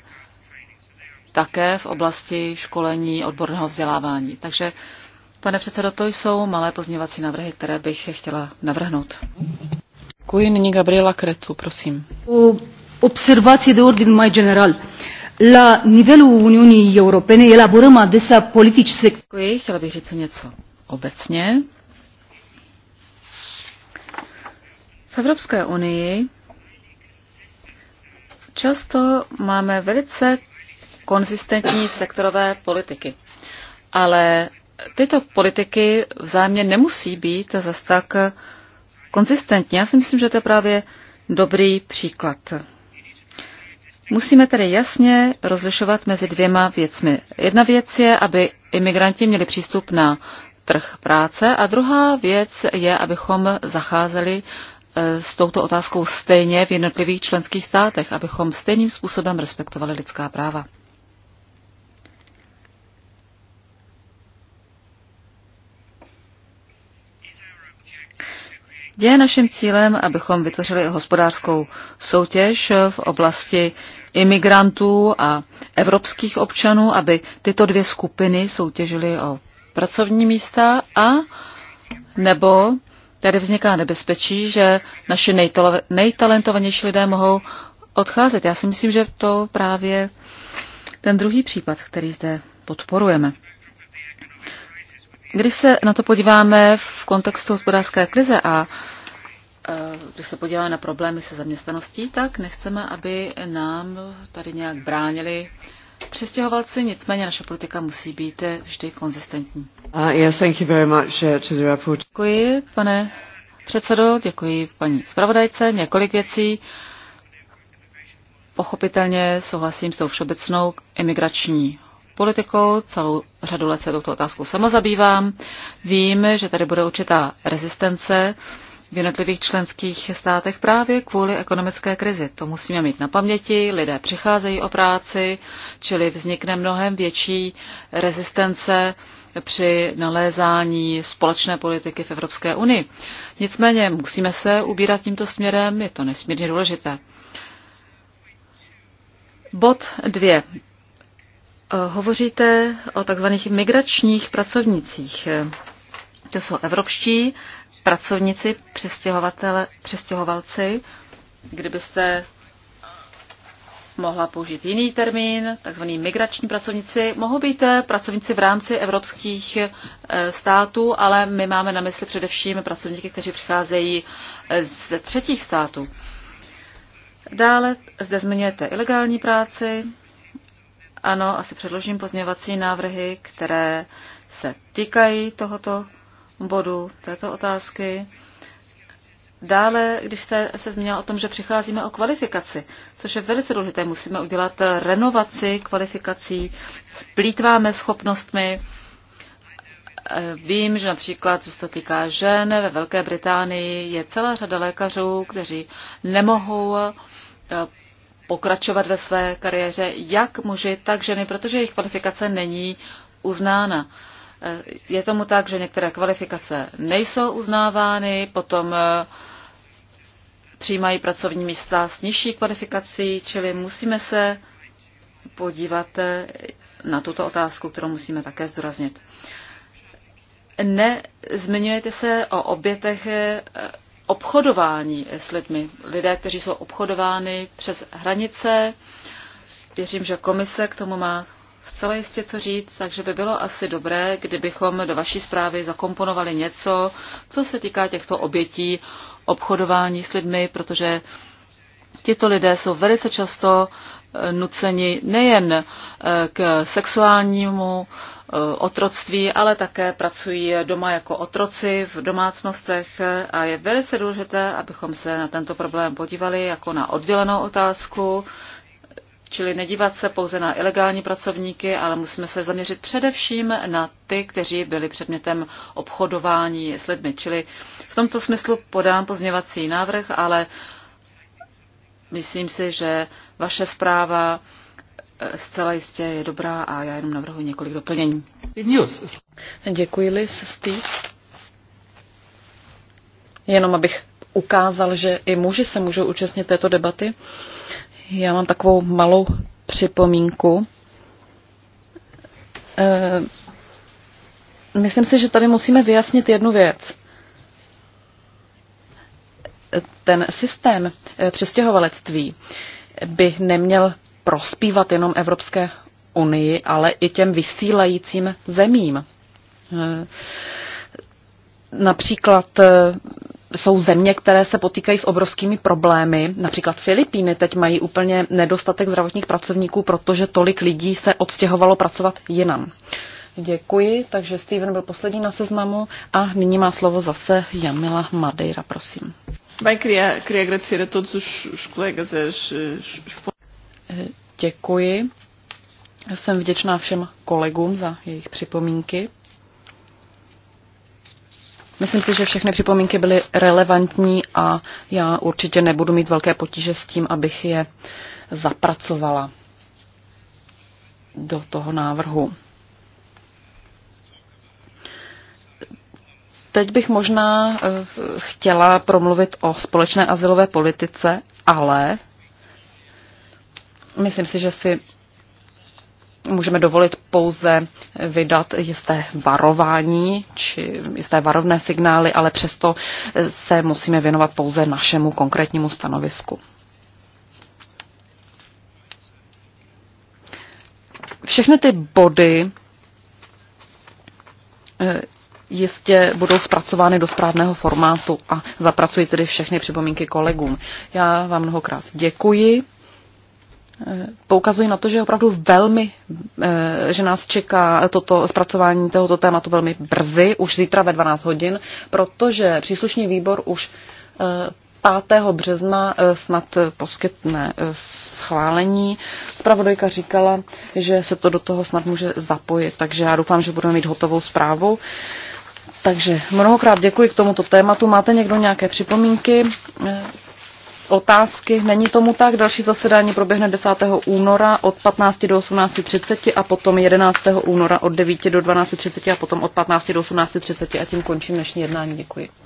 také v oblasti školení odborného vzdělávání. Takže Pane předsedo, to jsou malé pozměňovací návrhy, které bych chtěla navrhnout. Děkuji. Nyní Gabriela Kretu, prosím. observací de ordin mai general. La nivelu Unii Europene elaborăm adesea politici sectoriale. Chtěla bych říct něco obecně. V Evropské unii často máme velice konzistentní sektorové politiky, ale tyto politiky vzájemně nemusí být zas tak konzistentní. Já si myslím, že to je právě dobrý příklad. Musíme tedy jasně rozlišovat mezi dvěma věcmi. Jedna věc je, aby imigranti měli přístup na trh práce a druhá věc je, abychom zacházeli e, s touto otázkou stejně v jednotlivých členských státech, abychom stejným způsobem respektovali lidská práva. Je naším cílem, abychom vytvořili hospodářskou soutěž v oblasti imigrantů a evropských občanů, aby tyto dvě skupiny soutěžily o pracovní místa a nebo tady vzniká nebezpečí, že naši nejtalentovanější lidé mohou odcházet. Já si myslím, že to právě ten druhý případ, který zde podporujeme. Když se na to podíváme v kontextu hospodářské krize a e, když se podíváme na problémy se zaměstnaností, tak nechceme, aby nám tady nějak bránili přestěhovalci, nicméně naše politika musí být vždy konzistentní. Uh, yes, thank you very much, uh, to the Děkuji, pane předsedo, děkuji paní zpravodajce, několik věcí. Pochopitelně souhlasím s tou všeobecnou imigrační politikou, celou řadu let se touto otázkou sama zabývám. Vím, že tady bude určitá rezistence v jednotlivých členských státech právě kvůli ekonomické krizi. To musíme mít na paměti, lidé přicházejí o práci, čili vznikne mnohem větší rezistence při nalézání společné politiky v Evropské unii. Nicméně musíme se ubírat tímto směrem, je to nesmírně důležité. Bod dvě. Eh, hovoříte o takzvaných migračních pracovnicích. Eh, to jsou evropští pracovníci, přestěhovatele, přestěhovalci. Kdybyste mohla použít jiný termín, takzvaný migrační pracovníci. Mohou být eh, pracovníci v rámci evropských států, ale my máme na mysli především pracovníky, kteří přicházejí ze třetích států. Dále zde zmiňujete ilegální práci, ano, asi předložím pozměňovací návrhy, které se týkají tohoto bodu, této otázky. Dále, když jste se zmínil o tom, že přicházíme o kvalifikaci, což je velice důležité, musíme udělat renovaci kvalifikací, splítváme schopnostmi. Vím, že například, co se to týká žen, ve Velké Británii je celá řada lékařů, kteří nemohou pokračovat ve své kariéře, jak muži, tak ženy, protože jejich kvalifikace není uznána. Je tomu tak, že některé kvalifikace nejsou uznávány, potom eh, přijímají pracovní místa s nižší kvalifikací, čili musíme se podívat eh, na tuto otázku, kterou musíme také zdůraznit. Nezmiňujete se o obětech eh, obchodování s lidmi. Lidé, kteří jsou obchodovány přes hranice. Věřím, že komise k tomu má zcela jistě co říct, takže by bylo asi dobré, kdybychom do vaší zprávy zakomponovali něco, co se týká těchto obětí obchodování s lidmi, protože Tito lidé jsou velice často eh, nuceni nejen eh, k sexuálnímu eh, otroctví, ale také pracují doma jako otroci v domácnostech a je velice důležité, abychom se na tento problém podívali jako na oddělenou otázku, čili nedívat se pouze na ilegální pracovníky, ale musíme se zaměřit především na ty, kteří byli předmětem obchodování s lidmi. Čili v tomto smyslu podám pozněvací návrh, ale Myslím si, že vaše zpráva eh, zcela jistě je dobrá a já jenom navrhuji několik doplnění. Děkuji, Liz, Steve. Jenom abych ukázal, že i muži se můžou účastnit této debaty. Já mám takovou malou připomínku. Eh, myslím si, že tady musíme vyjasnit jednu věc ten systém eh, přestěhovalectví by neměl prospívat jenom Evropské unii, ale i těm vysílajícím zemím. Eh, například eh, jsou země, které se potýkají s obrovskými problémy. Například Filipíny teď mají úplně nedostatek zdravotních pracovníků, protože tolik lidí se odstěhovalo pracovat jinam. Děkuji, takže Steven byl poslední na seznamu a nyní má slovo zase Jamila Madeira, prosím. Bem, queria, queria agradecer a todos os, os colegas as, as... Eh, děkuji. Jsem vděčná všem kolegům za jejich připomínky. Myslím si, že všechny připomínky byly relevantní a já určitě nebudu mít velké potíže s tím, abych je zapracovala do toho návrhu. Teď bych možná eh, chtěla promluvit o společné asilové politice, ale myslím si, že si můžeme dovolit pouze vydat jisté varování či jisté varovné signály, ale přesto eh, se musíme věnovat pouze našemu konkrétnímu stanovisku. Všechny ty body eh, jistě budou zpracovány do správného formátu a zapracuji tedy všechny připomínky kolegům. Já vám mnohokrát děkuji. Eh, poukazuji na to, že opravdu velmi, eh, že nás čeká toto zpracování tohoto tématu velmi brzy, už zítra ve 12 hodin, protože příslušný výbor už 5. Eh, března snad poskytne schválení. Spravodajka říkala, že se to do toho snad může zapojit, takže já doufám, že budeme mít hotovou zprávu. Takže mnohokrát děkuji k tomuto tématu. Máte někdo nějaké připomínky, eh, otázky? Není tomu tak. Další zasedání proběhne 10. února od 15 do 18.30 a potom 11. února od 9 do 12.30 a potom od 15 do 18.30 a tím končím dnešní jednání. Děkuji.